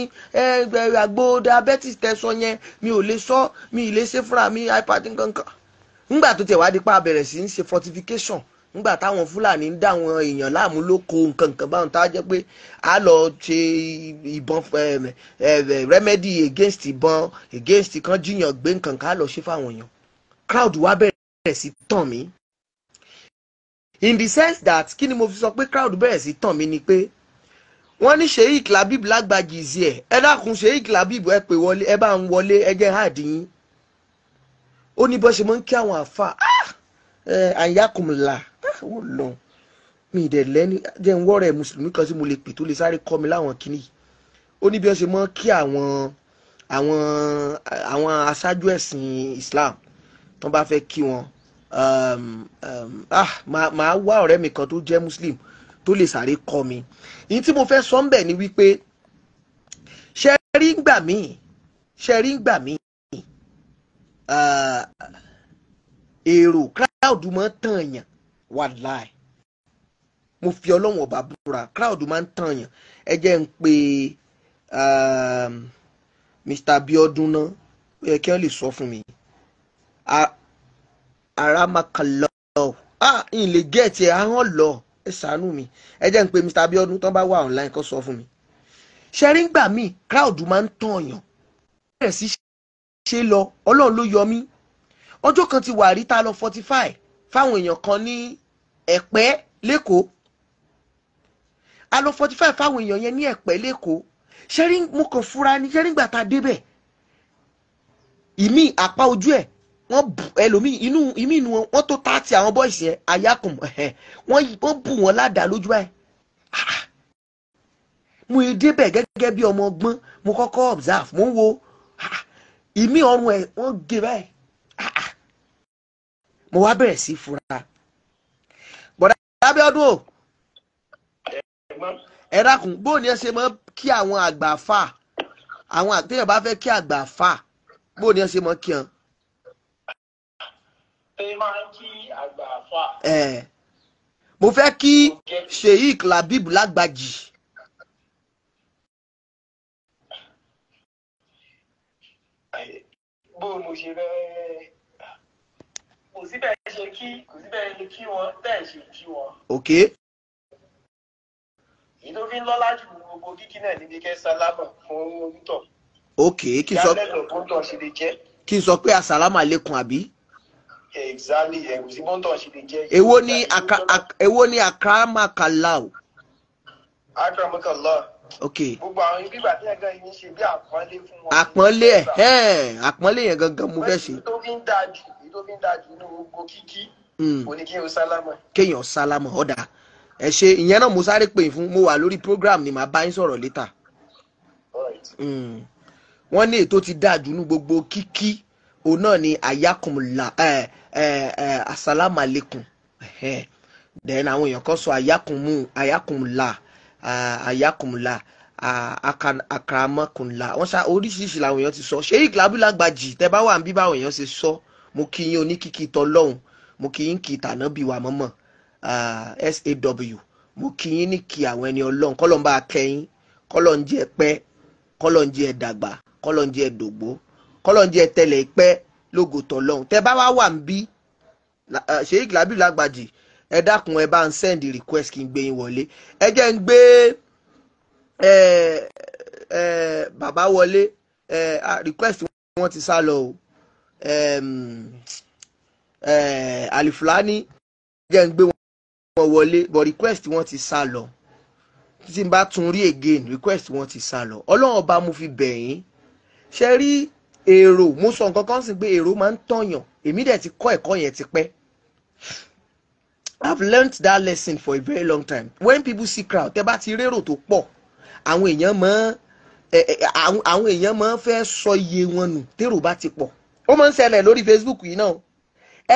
àgbo diabetes tẹsán yẹn mi ò lè sọ mi ì lè ṣe fúnra mi hypertension kankan nígbà tó tẹ̀ wá di pa bẹ̀rẹ̀ sí ń ṣe fortification nígbà táwọn fúlàní ń dá àwọn èèyàn láàmú lóko nǹkan nǹkan báwọn tá a jẹ́ pé a lọ ṣe ìbọn remedy against ìbọn against kan jiyàn gbé nǹkan ká lọ ṣe fáwọn èèyàn crowd wá bẹ̀rẹ̀ sí tàn mí in the sense that kí ni mo fi sọ pé crowd bẹ̀rẹ̀ sí tàn mí ni pé wọ́n ní sheik labib lágbàjì ìzí ẹ̀ ẹ dákun sheik labib ẹ pè wọlé ẹ bá ń wọlé ẹ jẹ́ hàdí yín ó ní bó ṣe máa ń kí àwọn àáfàá ah ayakumla ah, ó lọ mi ìdẹ̀ lẹ́ni jẹ́ ń wọ́rẹ̀ mùsùlùmí kan tí mo lè pè tó lè sáré kọ́ mi láwọn kìnnì ó ní bí wọ́n ṣe mọ́ kí àwọn àwọn àwọn aṣáájú ẹ̀sìn Islam tó bá fẹ́ kí wọn um, um, ah, màá wá ọ̀rẹ́ mi kan tó jẹ́ muslim tó lè sáré kọ́ mi èyí tí mo fẹ́ sọ ń bẹ̀ ni wípé ṣe rí ń gbà mí ṣe rí ń gbà mí uh, èrò crowd máa ń tàn yàn wàláì mo fi ọlọ́wọ̀n ọba búra crowd máa ń tàn yàn ẹ jẹ́ ń pe Mr. Um, Biodun náà ó yẹ kí wọ́n lè sọ fún mi aramakalo ah n lè gẹ̀ẹ́tì ahọ́n lọ ẹ ṣàánú mi ẹ jẹ́ ń pe Mr. Biodun tán bá wà online kó sọ fún mi ṣẹ́rí ń gbà mí crowd máa ń tàn yàn bẹ̀rẹ̀ sí ṣe lọ ọlọ́run ló yọ mí ọjọ́ kan ti wà rí ta lọ forty five fáwọn èèyàn kan ní ẹ̀pẹ́ lẹ́kọ̀ọ́ a lọ forty five fáwọn èèyàn yẹn ní ẹ̀pẹ́ lẹ́kọ̀ọ́ ṣẹ́rí mo kàn fura ni ṣẹ́rí gbà tá a débẹ̀ ìmí àpá ojú ẹ̀ wọ́n bù ẹlòmíì inú ìmí inú wọn wọ́n tó táàtì àwọn bọ́ìsì yẹn ayákùn wọ́n bù wọ́n ládàá lójú ẹ̀ ah, ah. mo yẹ débẹ̀ gẹ́gẹ́ bí ọmọ ọgbọ́n mo kọ́kọ́ observe mo ń wo ah, ìmí ọrùn ẹ̀ wọ́n gé báyìí mo wá bẹ̀rẹ̀ sí fura bọ̀dá Abíọ́dún o ẹ dákun bó ni ẹ ṣe mọ kí àwọn àgbà fà àwọn àtẹ̀yìn bá fẹ́ kí àgbà fà bó ni ẹ ṣe mọ kí wọn. ṣé mo fẹ́ kí Sheikh Labib Lágbàjì. bó mo ṣe fẹ́ kò sí bẹ́ẹ̀ ṣe kí kò sí bẹ́ẹ̀ ṣe kí wọn bẹ́ẹ̀ ṣe kí wọn. ok. èyí tó fi ń lọ́lá jù gbogbo kíkí náà níbi kẹ́ sálámà fún onítọ̀. ok kí n sọ pé kí n sọ pé asàlámà lẹ́kùn àbí. exactly ẹ̀ sí bọ́ńtọ̀ ṣe lè jẹ́. èwo ni aka èwo ni akramakallahu. akramakallahu ok. gbogbo àwọn ibi ìgbà tí ẹ gan yín ṣe bí àpọ́nlé fún wọn. àpọ́nlé ẹ̀ àpọ́nlé yẹn gangan mo fẹ́ ṣe tó fi ń da jù ní ogo kíkí kò hmm. ní kí o sálámà. kéèyàn sálámà ọ̀dà ẹ ṣe ìyẹn náà mo sáré pè fún mo wà lórí program ni màá bá yín sọ̀rọ̀ létà. Hmm. wọ́n ní ètò ti dáa jù ní gbogbo kíkí òun náà ni ayakunla asalamualeykum then àwọn èèyàn kan sọ ayakunmu ayakunla ayakunla akaramakunla wọ́n ṣá oríṣiríṣi làwọn èèyàn ti sọ ṣé ìgbàlúlàgbàjì tẹ́ bá wà ń bíbá àwọn èèyàn ṣe sọ. So mo kí yín oníkìkì tọlọ́hún mo kí yín kì í tànábì wa mọ́mọ́ ah, saw mo kí yín ní kí àwọn ẹni ọlọ́run kọ́lọ́n bá kẹ́yìn kọ́lọ́n jẹ́ pẹ́ kọ́lọ́n jẹ́ dàgbà kọ́lọ́n dògbó kọ́lọ́n tẹlẹ̀ pẹ́ lógo tọlọ́hún tẹ bá wá wà ń bí ah, Sheikh Labeeb Lagbaji ẹ dákun ẹ bá ń send request kí n gbé yín wọlé ẹ jẹ́ ń gbé bàbá wọlé ah, request wọn ti sá lọ o. Eh, alifulani jẹ́ ń gbé wọn wọlé but request wọn ti sá lọ tí n bá tún rí again request wọn ti sá lọ ọlọ́run ọba mo fi bẹ̀ yín ṣe rí èrò mo sọ nǹkan kan sì pé èrò máa ń tọ̀yàn èmi dẹ̀ ti kọ́ ẹ̀kọ́ yẹn ti pẹ́ I've learnt that lesson for a very long time when people see crowd tẹ́ bá ti rérò tó pọ̀ àwọn èèyàn máa eh, eh, àwọn èèyàn máa fẹ́ sọ iye wọn nù tèrò bá ti pọ̀ ó máa ń ṣẹlẹ̀ lórí Facebook yìí náà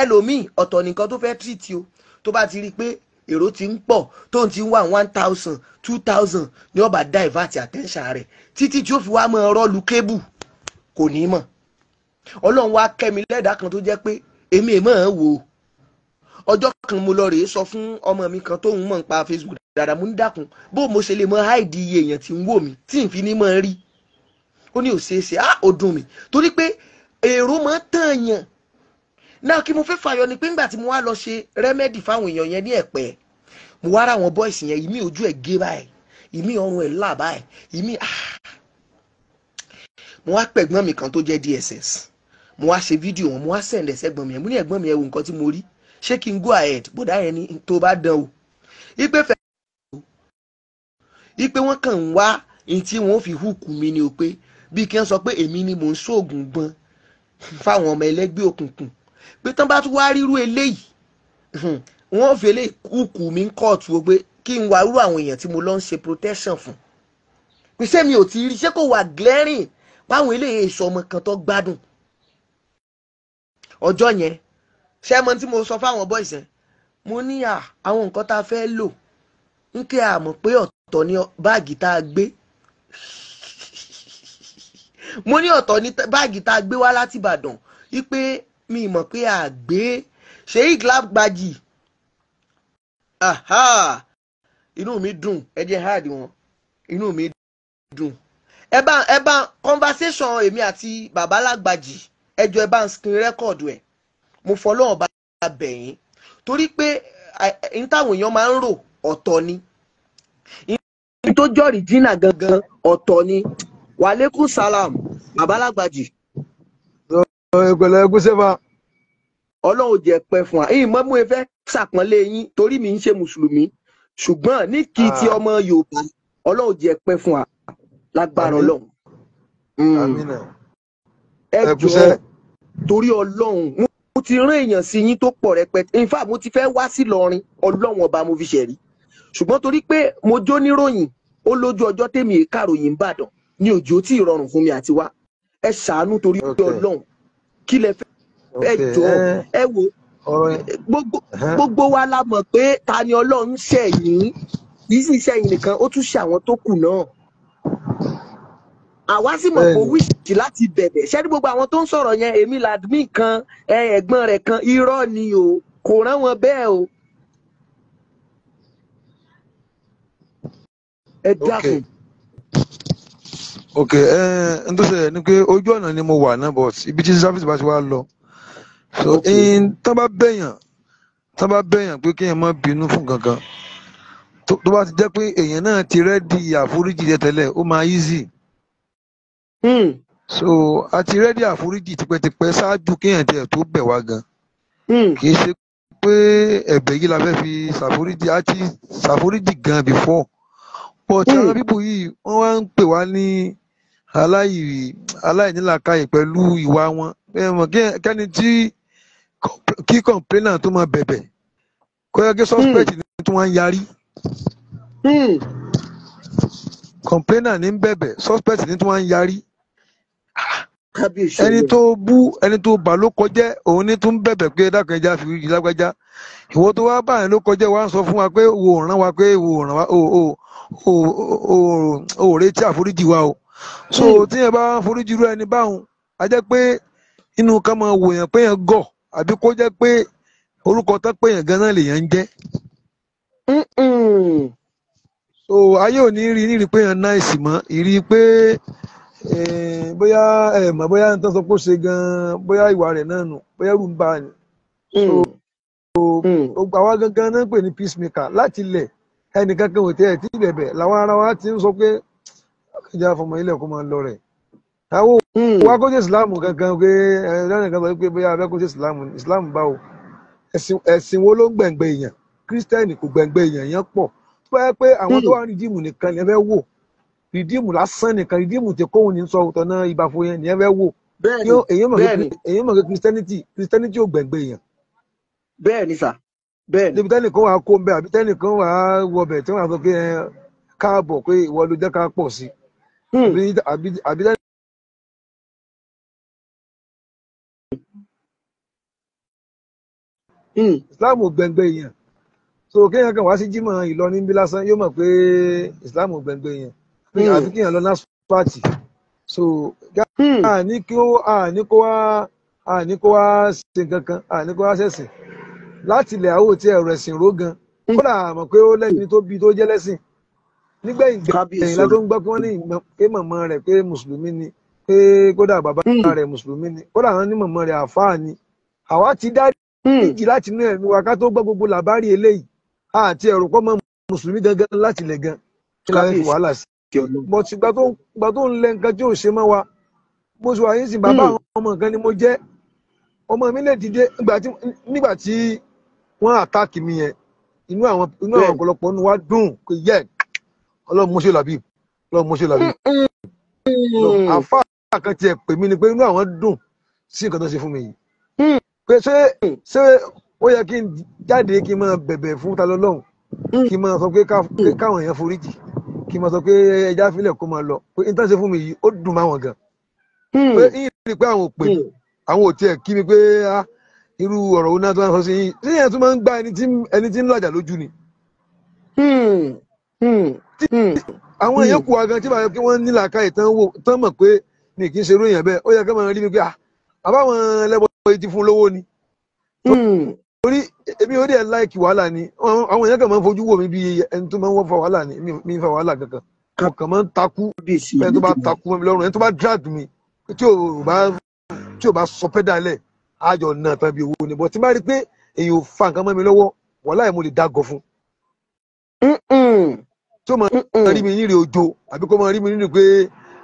ẹlòmíì ọ̀tọ̀ nìkan tó fẹ́ treat o tó bá ti rí i pé èrò ti ń pọ̀ tó ń ti wá one thousand two thousand ní ó bá divert attention rẹ̀ títí tí ó fi wá máa rọ́ọ̀lù kébù kò ní mọ̀ ọlọ́run wá kẹ́mi lẹ́dàá kan tó jẹ́ pé èmi ẹ̀ máa wò ó ọjọ́ kan mo lọ rèé sọ fún ọmọ mi kan tóun mọ̀ nípa Facebook dáadáa mo ń dákun bó mo ṣe lè mọ háìdì iye èèyàn tí ń wò mí tí n fi ní mọ̀ rí ó ní ó á ó dùn mí torí pé èrò máa tààyàn náà kí mo fẹ́ fàyọ ni pé ńgbà tí mo wá lọ ṣe rẹ́mẹ́dì fáwọn èèyàn yẹn ní ẹ̀pẹ́ mo wá ra àwọn bọ́ìsì yẹn ìmí ojú ẹ̀ gé báyìí ìmí ọrùn ẹ̀ là báyìí ìmí ah. mo wá pẹ̀gbọ́n mi kan tó jẹ́ DSS mo wá ṣe fídíò wọn mo wá sẹ̀ǹdẹ̀ sẹ́gbọ́n mi ẹ̀ mo ní ẹ̀gbọ́n mi ẹ̀ wo nǹkan tí mo rí ṣé kí n go ahead bọ̀dá yẹn ni tó bá dán o ipe fẹ́ ipe wọ́n kàn ń wá ní tí wọ́n fi húùkù mi ni o pé bí kí wọ́n sọ pé èmi ni mò ń ṣoògùn gbọ́n fáwọn ọmọ ẹlẹ́gbẹ́ òkùnkùn pé tán bá tún wá rírú eléyìí wọ́n fi eléyìí kúkú mi ń kóòtù o pé kí n wá irú àwọn èèyàn tí mo lọ ń ṣe protection fún pé ṣé mi ò ti rí ṣé kò wà glaring báwọn eléyìí ìṣọmọ kan tó gbádùn ọjọ́ yẹn ṣé mo tí mo sọ fáwọn boys yẹn mo ní à àwọn nǹkan tá a fẹ́ lò ń kí a pé ọ̀tọ̀ ni báàgì tá a gbé mo ní ọ̀tọ̀ ní báàgì tá a gbé wá láti Ìbàdàn wípé mi mọ̀ pé a gbé Sheik Lagbaji aha inú mi dùn ẹ jẹ́ hard wọn inú mi dùn ẹ bá ẹ bá conversation èmi àti bàbá Lagbaji ẹ jọ ẹ bá ń screen record ẹ mo fọlọ́run bá bẹ̀yìn torí pé n táwọn èèyàn máa ń rò ọ̀tọ̀ ni n tó jọ̀rì jìnnà gangan ọ̀tọ̀ ni wàlékún salam àbálàgbàjì. ìpẹ̀lẹ̀ ẹkú sẹ́fà. ọlọ́run jẹ́ pẹ́ fún wa ìyìn mọ́mú efẹ́ ṣàpọ́nlé yín torí mi ń ṣe mùsùlùmí ṣùgbọ́n ní kí ah. ti ọmọ yorùbá ọlọ́run jẹ́ pẹ́ fún wa lágbára ọlọ́run. Hmm. ẹ jọ̀ọ́ torí ọlọ́run mo ti rán èèyàn sí yín tó pọ̀ rẹpẹtẹ in fact mo ti fẹ́ wá sí lọrin ọlọ́run ọba mo fi ṣẹ̀rí ṣùgbọ́n torí pé mo jó níròyìn ó lójú ọjọ́ tèmi kàròyìn ń bàdàn ní òjò tí ìrọ̀rùn fún mi àti wá ẹ ṣàánú torí Ọlọ́run kí lẹ fẹ́ ẹ jọ ẹ wò gbogbo wa la mọ̀ pé ta ni Ọlọ́run ń ṣẹ̀ yín kì í sì ṣẹ̀yìn nìkan ó tún ṣe àwọn tó kù àwa sì mọ̀ pé wíṣìkì láti bẹ̀bẹ̀ ṣẹ́ni gbogbo àwọn tó ń sọ̀rọ̀ yẹn èmi ladmin kan ẹ̀gbọ́n rẹ̀ kan irọ́ ni o kò rán wọn bẹ́ẹ̀ o. ẹ dákun. Okay ok ẹ eh, ẹ n tó ṣẹlẹ̀ ni pé ojú ọ̀nà ni mo wà náà but ibi tí service bá ti wá lọ so tán bá bẹ̀yàn tán bá bẹ̀yàn pé kéèyàn má bínú fún kankan tó bá ti jẹ́ pé èèyàn náà ti rẹ́dí àforíjì tẹ́tẹ́lẹ̀ ó máa easy hmm. so a ti rẹ́dí àforíjì tipẹ́tipẹ́ ṣáájú kéèyàn tiẹ̀ tó bẹ̀ wá gan hmm. kì í ṣe pé ẹ̀bẹ̀ yìí la fẹ́ fi ṣàforíjì a ti ṣàforíjì gan before but hmm. àwọn bíbù yìí wọ́n wá ń pè wá ní aláìnílàákàyè pẹ̀lú ìwà wọn kẹ́ni tí kí kọ̀ǹplénà tó máa bẹ̀bẹ̀ kọ́yọ́ gé suspect hmm. ní tí wọ́n ń yarí kọ̀ǹplénà hmm. ní ń bẹ̀bẹ̀ suspect ní tí wọ́n ń yarí ẹni tó bú ẹni tó bà ló kọjẹ́ òun ní tún bẹ̀bẹ̀ pé dákun ẹja fi rí lágbájá ìwọ tó wá báyìí ló kọjẹ́ wa ń sọ fún wa pé wò ràn wá pé wò ràn wá o o o o retí àforíjì wa o. so hmm. tí yẹn bá forí jù rú ẹni báwọn a jẹ́ pé inú ká máa wò yẹn pé yẹn gọ̀ àbí kó jẹ́ pé orúkọ tó pé yẹn ganan lèyàn ń jẹ́. so ayé ò ní rí nírí pé yẹn náìsì mọ ìrí pé eh, bóyá ẹ̀mọ́ bóyá nǹkan sọ pé ó ṣe gan bóyá ìwà rẹ náà nù bóyá rù ń bá a nì. so mm. Mm. àwa gangan náà pè ní peacemaker láti ilẹ̀ ẹnìkan kan ò tẹ́ ẹ̀ tí bẹ̀bẹ̀ làwọn ará wa ti ń sọ pé ìjà fọmọ ilẹ̀ kó máa lọ rẹ̀ táwọn wá kó ṣe ìsìláàmù gangan pé ẹlẹ́rìn kan sọ pé bóyá abẹ́ kó ṣe ìsìláàmù ìsìláàmù báwo ẹ̀sìn wo ló ń gbẹ̀ngbẹ̀ èèyàn kírísítẹ́nì kò gbẹ̀ngbẹ̀ èèyàn yẹn pọ̀ tó bá yẹ pé àwọn tó wà ní rìdíìmù nìkan ni ẹ fẹ́ wò rìdíìmù lásán nìkan rìdíìmù tí kóhun ní sọ òótọ́ náà ìbàfo yẹn ni ẹ fẹ́ wò èyí mọ̀ pé kírísítẹ́nìtì kírísítẹ́nìtì ò gbẹ̀ngbẹ̀ èèyàn. bẹ́ẹ̀ ni sà bẹ́ẹ̀ ni. níbi tẹ́nìkan wà á kó ń bẹ́ẹ̀ àbí tẹ́nìkan wà á wọbẹ̀ tí wọ́n á sọ pé ẹ káàbọ̀ pé ìwọ ló jẹ́ ká pọ̀ sí i Abida ìsìláàmù gbẹ̀ngbẹ̀ èèyàn so kéèyàn kan wá sí jímọ̀ Ìlọrin bí lásán yóò mọ̀ pé ìsìláàmù gbẹ̀ngbẹ̀ èèyàn hmm. àfi kéèyàn lọ násùpàtì so àní kí àní hmm. kó wá àní kó wá ṣe nǹkan àní kó wá láti ilẹ̀ àwòtí ẹ̀rọ ẹ̀sìn ró gan hmm. kódà mọ̀ pé ó lẹ́ni tó tó jẹ́ lẹ́sìn nígbẹ̀yìn gbẹ̀yìn la tó ń gbọ́ pé wọ́n ní pé màmá rẹ̀ pé mùsùlùmí ni pé kódà bàbá hmm. rẹ̀ mùsùlùmí ni kódà wọn ní màmá rẹ̀ àfáà ni àwa ti dá hmm. méjì láti inú ẹ̀mí wa ká tó gbọ́ gbogbo làbárí eléyìí àti ẹ̀rù pọ́ mọ́ mùsùlùmí gangan láti lẹ̀ gan kí la fi wàhálà sí i bọ̀ ti gbà tó ń lẹ nǹkan tí ò ṣe mọ́ wa mo sọ àyín sí bàbá hmm. àwọn ọmọ nǹkan ni mo jẹ́ ọmọ mi lè dìde nígbà tí wọ́n àtàkì mi yẹn inú àwọn ọ̀pọ̀lọpọ̀ nu wa dùn kò yẹ ọlọ́run mú ṣe làbí ọlọ́run mú ṣe làbí. àfa kan tiẹ̀ pè mí ni pé inú àwọn dùn sí nǹkan tó ṣe fún mi yìí. Mm. pé ṣé ṣé ó yẹ kí n jáde kí n máa bẹ̀bẹ̀ fún ta lọ́lọ́run mm. kí n máa sọ pé káwọn èèyàn foríjì kí n máa sọ pé ẹja fílẹ̀ kó máa lọ pé n tán ṣe fún mi yìí ó dùn máwọn gan. Mm. pé yín rí i pé àwọn ò pè àwọn ò tiẹ̀ kí mi pé ah, irú ọ̀rọ̀ wo náà tó máa sọ sí yín ṣé yẹn tún máa ń gba ẹni tí ń lọ àjà lójú ni. Hmm. Hmm. àwọn hmm. èèyàn kù agan tí bàbá kí wọ́n ní làákàyè tán mọ̀ pé ní kí n ṣe ròyìn bẹ́ẹ̀ ó yẹ ká máa rí mi pé àbáwọn ẹlẹ́bọ̀ ti fún lówó ni. torí èmi ò dẹ̀ láìkì wàhálà ni àwọn èèyàn kan máa ń fojú wò mí bí ẹni tó máa ń wọ́n fa wàhálà ni mi ń fa wàhálà kankan mo kàn máa ń takú ẹni tó bá takú mọ́ mi lọ́rùn ẹni tó bá drag mi tí ò bá tí ò bá sọ pẹ́dálẹ̀ àjọ náà tàbí owó ni bọ́ tí bá rí pé èèyàn ò fa nǹkan mọ́ mi lọ́wọ́ wàhálà yẹn mo lè dágọ̀ fún tí ó máa rí mi nírè ojo àbí kó máa rí mi nírè pé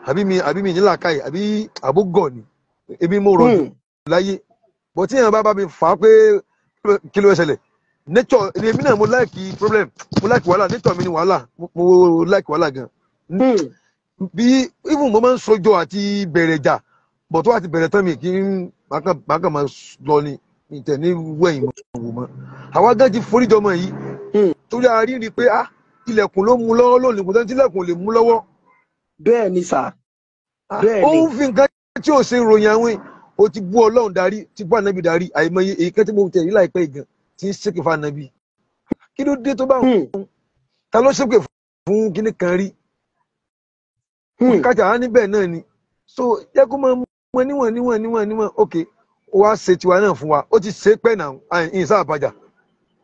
àbí mi àbí mi nílà àbí àbúgọ̀ ni ebi mo rọ̀ jù hmm. láyé bọ̀ tí èèyàn bá bá mi fà á pé kí ló ń ṣẹlẹ̀ nature èmi náà mo like problem mo like wàhálà nature mi ni wàhálà mo like wàhálà gan hmm. bí even mo máa ń sọjọ àti bẹ̀rẹ̀ jà bọ̀ tó wà bẹ̀rẹ̀ tán mi kì í máa kàn máa lọ ni ìtẹ̀ ní wẹ̀yìn mọ̀ wò mọ́ àwa gan ti foríjọ mọ̀ yìí hmm. torí a rí ni pé ah ilẹ̀kùn ló mú lọ́wọ́ lónìí kò tẹ́ni tí lè mú lọ́wọ́. bẹ́ẹ̀ ni sà bẹ́ẹ̀ ni. ó ń fi nǹkan tí ò ṣe ròyìn àwìn o ti bú ọlọ́run darí ti bú ànábì darí àìmọye èyí kẹ́tí mo tẹ̀lé láìpẹ́ ìgàn tí ń ṣèké fún ànábì. kí ló dé tó bá hmm. wọn ta ló ṣèké fún kíní kan rí. Hmm. kájà á níbẹ̀ náà ni so jẹ́ kó máa mọ níwọ̀n níwọ̀n níwọ̀n níwọ̀n ok wá ṣe tiwa náà fún wa ó ti ṣe pẹ́ náà ìyìn sáà bàjá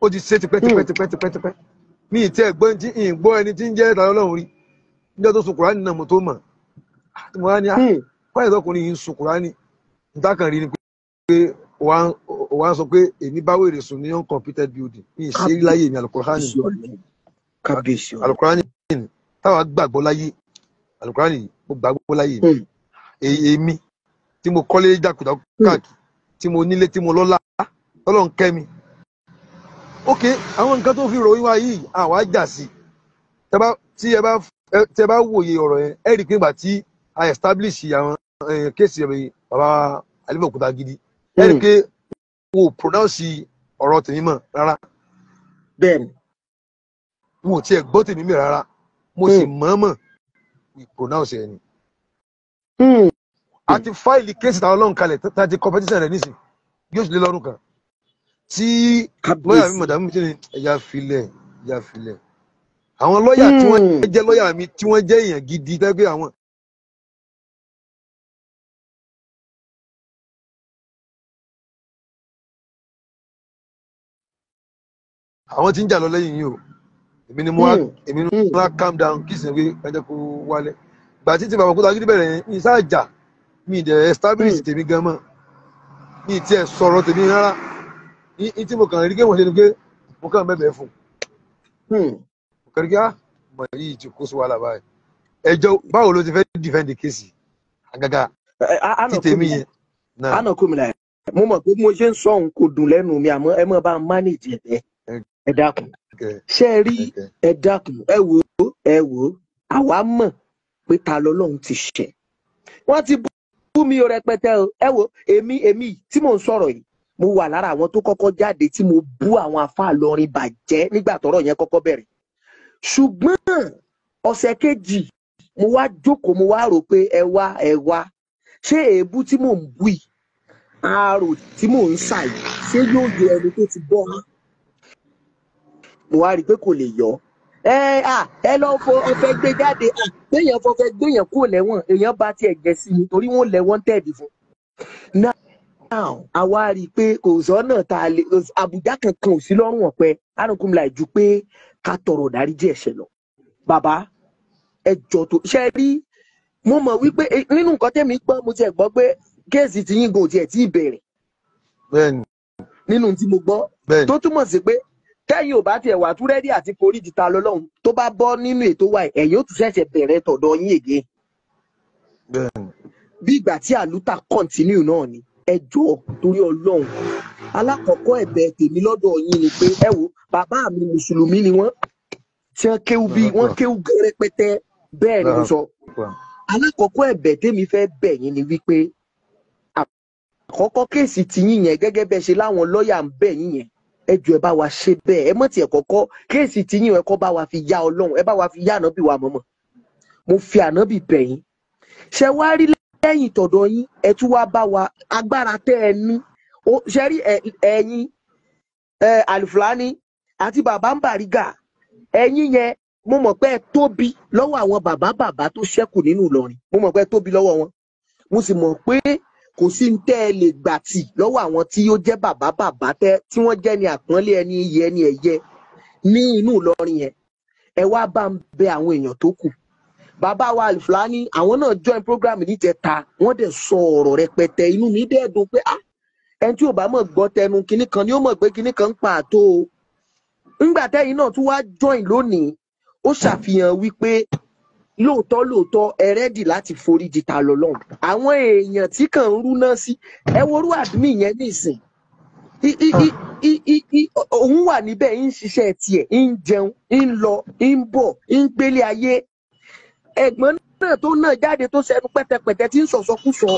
ó ti ṣe tipẹ́tipẹ́tipẹ́tipẹ́. Hmm mi ì tí ẹ gbọ́n tí ì gbọ́ ẹni tí ń jẹ́ ìtàn ọlọ́run rí níjọ́ tó sun kùránì náà mo tó mọ̀ àti mo wá ní ah, hmm. wáyé tọkùnrin yìí ń sun kùránì ntákan rí ni pé wàá sọ pé èmi bá wèrè sùn ní uncompleted building mi ì ṣe rí láyé mi alukurani alukurani táwa gbàgbọ́ láyé alukurani mo gbàgbọ́ láyé mi hmm. e, èmi tí mo kọ́lé jákùjákù hmm. káàkiri tí mo nílé tí mo lọ́lá ọlọ́run kẹ́ mi ok àwọn nǹkan tó fi ròyìn wá yìí àwa jà sí tí ẹ bá wòye ọ̀rọ̀ yẹn ẹ rí i pé ìgbà tí a establish àwọn kéèsì ẹ̀mí bàbá Aliyu Okutagidi ẹ rí i hmm. pé wò pronounce ọ̀rọ̀ tèmi mọ̀ rárá. bẹ́ẹ̀ni. n ò tiẹ̀ gbọ́ tèmi mọ̀ rárá mo sì mọ̀ọ́mọ̀ hmm. we pronounce ẹ̀ ni. àti fáìlì kéèsì táwọn ọlọ́run kalẹ̀ tá a ti competition rẹ̀ nísìn yóò sì lé lọ́dún kan tí lọ́yà mi mọ̀dàmú mi ti ní ẹ̀yà filẹ̀ ẹ̀yà filẹ̀ àwọn lọ́yà tí wọ́n hmm. jẹ́ lọ́yà mi tí wọ́n jẹ́ èèyàn gidi tẹ́gbẹ́ àwọn. àwọn tí ń jà lọ lẹ́yìn yìí o èmi ni mo wá hmm. èmi ni mo hmm. wá calm down kí sìn pé ẹjẹ kó wálẹ̀ gbà títí bàbá òkúta gidi bẹ̀rẹ̀ yẹn mi sáà jà mi ì dẹ̀ establish tèmi gan mọ́ mi ì tiẹ̀ sọ̀rọ̀ tèmi rárá tí mo kàn rí kí wọ́n ṣe ni pé mo kàn bẹ̀bẹ̀ fún mo kàn rí kí mọ̀ yìí ti kó sí wàhálà báyìí ẹjọ́ báwo ló ti fẹ́ dìfẹ́ǹdì kéèsì àgàgà tí tèmi yẹn. àná kò mi là mo mọ̀ pé mo ṣe ń sọ òun kò dùn lẹ́nu mi àmọ́ ẹ mọ̀ bá a manage ẹ̀ ẹ dákun ṣé ẹ rí ẹ dákun ẹ wò ó ẹ wò ó àwa mọ̀ pé ta lọ́lọ́run ti ṣẹ̀ wọ́n ti bú mi rẹpẹtẹ ẹ wò èmi èmi tí mò ń sọ̀rọ̀ yìí mo wà lára àwọn tó kọ́kọ́ jáde tí mo bú àwọn àfáà Ìlọrin bàjẹ́ nígbà tọ́rọ̀ yẹn kọ́kọ́ bẹ̀rẹ̀ ṣùgbọ́n ọ̀sẹ̀ kejì mo wá jókòó mo wá rò pé ẹ wá ẹ wá ṣé èébú tí mò ń bú yìí àárò tí mò ń sà yìí ṣé yóò yọ ẹni tó ti bọ́ mi mo wá rí i pé kò lè yọ ẹ à ẹ lọ fọ ọfẹ gbé jáde àgbéyàn fọfẹ gbéyàn kúrò lẹ́wọ̀n èèyàn bá tiẹ̀ jẹ sí mi torí wọn lẹ tẹẹdì fún àwa rí i pé kò sọ́nà tá a lè àbùdá kankan ò sí lọ́rùn ọ̀pẹ arúgbó la ju pé ká tọrọ ìdáríjì ẹ̀ṣẹ̀ lọ. bàbá ẹ jọ tó ṣe rí mo mọ̀ wípé eh, nínú nǹkan tẹ́mi gbọ́ mo tiẹ̀ gbọ́ pé kéèsì ti yín gan ò tiẹ̀ tí ì bẹ̀rẹ̀. bẹ́ẹ̀ni. nínú tí mo gbọ́ tó túmọ̀ sí pé tẹ́yìn ò bá tiẹ̀ wà túrẹ́dì àti forí ti ta lọ́lọ́run tó bá bọ́ nínú ètò wa ẹ̀yìn ó tún ṣẹ̀ṣẹ̀ bẹ̀rẹ̀ tọ̀dọ̀ yín ègé. bí ìgbà tí àlùtà kọ́ntínú náà ni ẹ jọ̀ọ́ torí Ọlọ́run alákọ̀ọ́kọ́ ẹ̀bẹ̀ tèmi lọ́dọ̀ yín ni pé ẹ wo bàbá mi mùsùlùmí ni wọ́n tí wọ́n kéwú bí wọ́n kéwú rẹpẹtẹ bẹ́ẹ̀ ni mo sọ alákọ̀ọ́kọ́ ẹ̀bẹ̀ tèmi fẹ́ bẹ̀ yín ni wípé àkọ́kọ́ kéèsì ti yín yẹn gẹ́gẹ́ bẹ́ẹ̀ ṣe láwọn lọ́ọ̀yà ń bẹ̀ yín yẹn ẹ jọ̀ọ́ ẹ bá wa ṣe bẹ́ẹ̀ ẹ mọ̀ tiẹ̀ kọ́kọ́ kéèsì ti yín yẹn kọ́ bá wa fi yá Ọlọ́run ẹ bá wa fi yá ànábì wa mọ̀mọ́ mo fi ànábì bẹ̀ yín ṣẹ wá rí lẹ́yìn tọ̀dọ̀ yín ẹ tún wá bá wa agbára tẹ́ ẹ ní ṣe rí ẹ̀yin Alifulani àti bàbá ń bàrígà ẹ̀yin yẹn mo mọ̀ pé ẹ tóbi lọ́wọ́ àwọn bàbá bàbá tó ṣẹ́kù nínú Ìlọrin mo mọ̀ pé ẹ tóbi lọ́wọ́ wọn mo sì mọ̀ pé kò sí ń tẹ́ ẹ lè gbà tì lọ́wọ́ àwọn tí ó jẹ́ bàbá bàbá tẹ́ tí wọ́n jẹ́ ni àpọ́nlé ẹni iyì ẹni ẹ̀yẹ ní inú Ìlọrin yẹn ẹ wá bá ń bẹ àwọn èèyàn tó kù bàbá wa alifulani àwọn náà join program níjẹta wọ́n dẹ̀ sọ ọ̀rọ̀ rẹpẹtẹ inú mi dẹ̀ dùn pé ah ẹni tí ò bá mọ̀ gbọ́ tẹnu kinní kan ni ó mọ̀ pé kinní kan ń pa àtó o ńgbà tẹ́yìn náà tún wá join lónìí ó ṣàfihàn wípé lóòótọ́ lóòótọ́ ẹ rẹ́dì láti forí di ta lọ́lọ́run àwọn èèyàn tí kàn ń rúná sí ẹ worú àdúmí yẹn nísìn òun wà níbẹ̀ ń ṣiṣẹ́ tiẹ̀ ń jẹun ń lọ ń bọ̀ ń gbélé ayé ẹ̀gbọ́n náà tó náà jáde tó ṣẹnu pẹtẹpẹtẹ tí ń sọsọkúsọ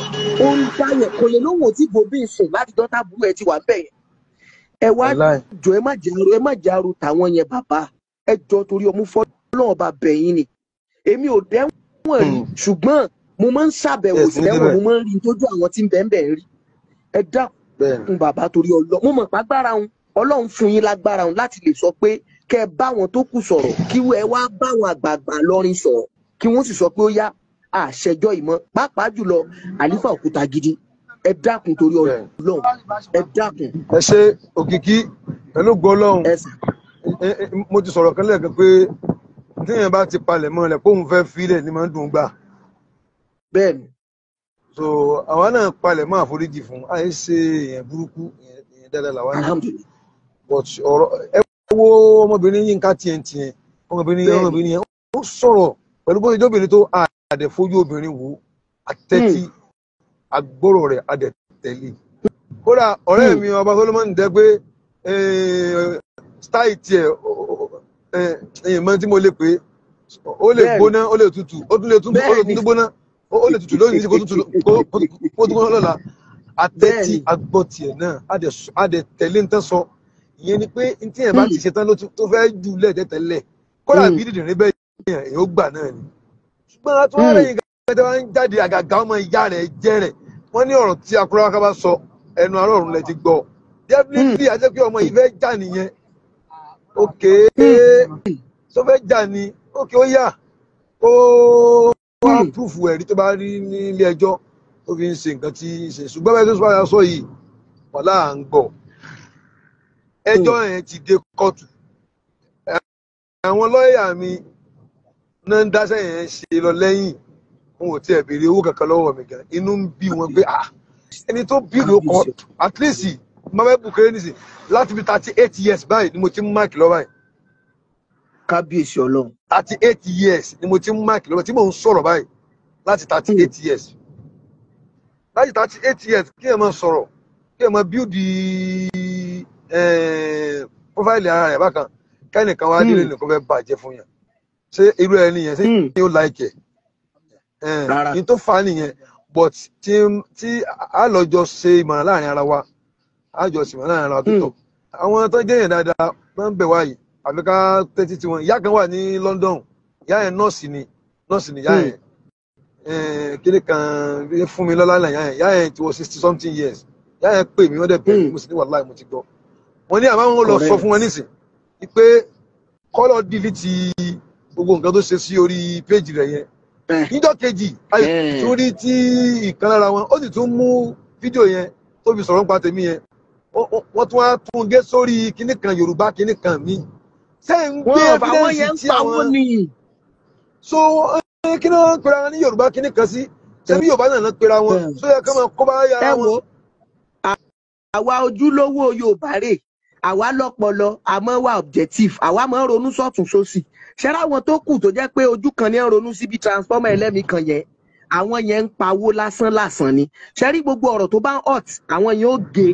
ó ń dáyẹ kò lè lóhùn ò tí bòbí sùn láti dọ́tà burú ẹ ti wà bẹ́ẹ̀ yẹn ẹ wá jọ ẹ má jàrú ẹ má jàrú tàwọn yẹn bàbá ẹ jọ torí ọmú fọlọ́n ọba bẹ̀yìn ni èmi ò dẹ́wọ̀n rí hmm. ṣùgbọ́n mo máa ń ṣàbẹ̀wò ìdẹ́wọ̀n mo máa ń rí tójú àwọn tí ń bẹ̀ ń bẹ̀ ń rí ẹ dákun bàbá torí ọlọ́run mo mọ̀ pàgbára wọn tó kí wọ́n sì sọ pé ó yá àṣẹjọ́ ìmọ̀ pàápàá jùlọ àlífà òkúta gidi ẹ dákun torí Ọlọ́run ẹ dákun. ẹ ṣe òkìkí pẹ̀lú gbọ́lọ́hún mo ti sọ̀rọ̀ kan pé téèyàn bá ti palẹ̀ mọ́ rẹ̀ kóun fẹ́ filẹ̀ ni máa ń dùn gbà. bẹ́ẹ̀ni. so àwa náà palẹ̀ mọ́ àforíjì fún àyè ṣe èèyàn burúkú èèyàn dáadáa làwa náà. but ẹ wo ọmọbìnrin yín ká tiẹ̀ tiẹ̀ ọmọbìnrin yẹn ọmọbìnrin yẹn ó sọ̀rọ̀ pẹ̀lú bóyá ìjọbìnrin tó àdẹ fojú obìnrin wò àtẹ́tí hmm. agbọ́rọ̀ rẹ̀ àdẹ tẹ̀lé kódà ọ̀rẹ́ hmm. mi ọba Solomon dẹ pé style tiẹ̀ èèmọ tí mo lè pé ó lè gbóná ó lè tutù ó lè tún gbóná ó lè tutù lónìí kó tutù kó tún lọ́la àtẹ́tí agbọ́tiẹ̀ náà àdẹ tẹ̀lé ń sọ ìyẹn ni pé ntí yẹn bá ti hmm. ṣetán ló tó fẹ́ jù lẹ́ẹ̀dẹ́tẹ̀lẹ̀ kódà bí dídìrín bẹ́ẹ̀ yàn èyàn ó gbà náà ni ṣùgbọ́n a tún wá lẹ́yìn gàdá wa ń jáde àgàgà ọmọ ìyá rẹ̀ jẹ́ rẹ̀ wọ́n ní ọ̀rọ̀ tí akúrọ́wáká bá sọ ẹnu àárọ̀ ọ̀run lẹ ti gbọ́ definitely hmm. a jẹ́ pé ọmọ yìí fẹ́ jà nìyẹn ok so hmm. fẹ́ jà ni ok ó yà ó wá hmm. púfù ẹ̀rí tó bá rí nílé ẹjọ́ tó fi ń ṣe nǹkan tí ń ṣe ṣùgbọ́n bẹ́ẹ̀ tó sọ àyà sọ yìí wọ́n là ń gbọ́ ẹjọ́ yẹn ti dé kóòtù àwọn lọ́ọ̀yà mi náà ń dáṣẹ́ yẹn ṣe lọ lẹ́yìn wọn ò tiẹ̀ béèrè owó kankan lọ́wọ́ mi gan inú ń bí wọn pé ah, ẹni tó bí ló kọ at least mama bukere nisi láti fi thirty eight years báyìí ni mo ti ń mark lọ báyìí. kábíyèsí ọlọ́run. thirty eight years ni mo ti ń mark lọ báyìí tí mò ń sọ̀rọ̀ báyìí láti thirty eight hmm. years láti thirty eight years kí ẹ máa sọ̀rọ̀ kí ẹ máa build eh, profile ara rẹ̀ bákan kẹ́nìkan wá nílé hmm. nìkan fẹ́ bàjẹ́ fún yàn ṣé irú ẹni yẹn ṣé hmm. kí ó like ẹ ní tó fa nìyẹn but tí tí a lọ jọ ṣe ìmọ̀ràn láàrin ara wa a jọ ṣe ìmọ̀ràn láàrin ara wa tó hmm. tọ́ àwọn tó jẹ́ yẹn dáadáa máa ń bẹ̀ wáyìí àfi ká tẹ́tí tiwọn ìyá kan wà ní London ìyá yẹn nọ́ọ̀sì ni nọ́ọ̀sì ni ìyá hmm. yẹn kíni kan fún mi lọ́la ìyá yẹn ìyá yẹn ti wọ sixty something years ìyá yẹn pè mí wọ́n dẹ̀ pè mí mo sì ní wàhálà mo ti gbọ́ wọ́n ní àmọ́ wọn lọ sọ fún wọn nísìn pé kọ́lọ̀ dìlì ti gbogbo nǹkan tó ṣe sí orí péjì rẹ̀ yẹn eh. níjọ́ kejì eh. tó rí tí ìkan lára wọn ó sì tún mú fídíò yẹn tó fi sọ̀rọ̀ nípa tèmi yẹn wọ́n tún wá tún gé sórí kinní kan yorùbá kinní kan mi. sẹ́yìn gbé evidence tí àwọn so eh, kí ni wọ́n pera wọn ní yorùbá kinní kan sí sẹ́mi yorùbá náà lọ pera wọn sóyà kí wọ́n kó bá yára wọn. àwa ojúlówó yorùbá rèé àwa lọpọlọ àmọ́ wà objective àwa máa ń ronú sọ̀tún sósì ṣẹ́rá àwọn tó kù tó jẹ́ pé ojú kan ní ń ronú síbi transformer ẹlẹ́mìí kan yẹn àwọn yẹn ń pawó lásán lásán ni ṣẹ́rí gbogbo ọ̀rọ̀ tó bá ń hot àwọn yẹn ó gé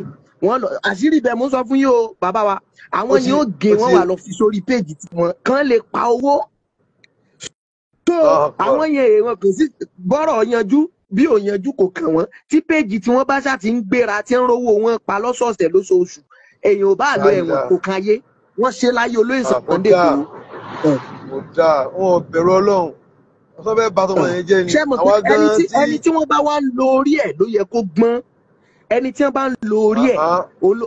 wọn lọ àṣírí ibẹ̀ mo sọ fún yín o bàbá wa àwọn yẹn ó gé wọn wà lọ fi sórí péjì tiwọn kán lè pa owó tó oh, àwọn yẹn èèwọ̀n kò sí bọ́rọ̀ yanjú bí ò yanjú kò kàn wọ́n tí péjì tí wọ́n bá ṣáà ti ń gbéra tí ń rówó wọn pa lọ́sọ̀ọ̀sẹ̀ lóṣooṣù èèyàn ò bá lo ẹ̀wọ̀n kò kan ayé wọ́n ṣe láyé olóyè ah, Sunday Igboho. mo dà wọn ò bẹ̀rù Ọlọ́run wọn fẹ́ bá tọmọ ah. yẹn jẹ́ ni àwa gan ti. ẹni tí wọ́n bá wá ń lo orí ẹ̀ ló yẹ kó gbọ́n ẹni tí wọ́n bá ń lo orí ẹ̀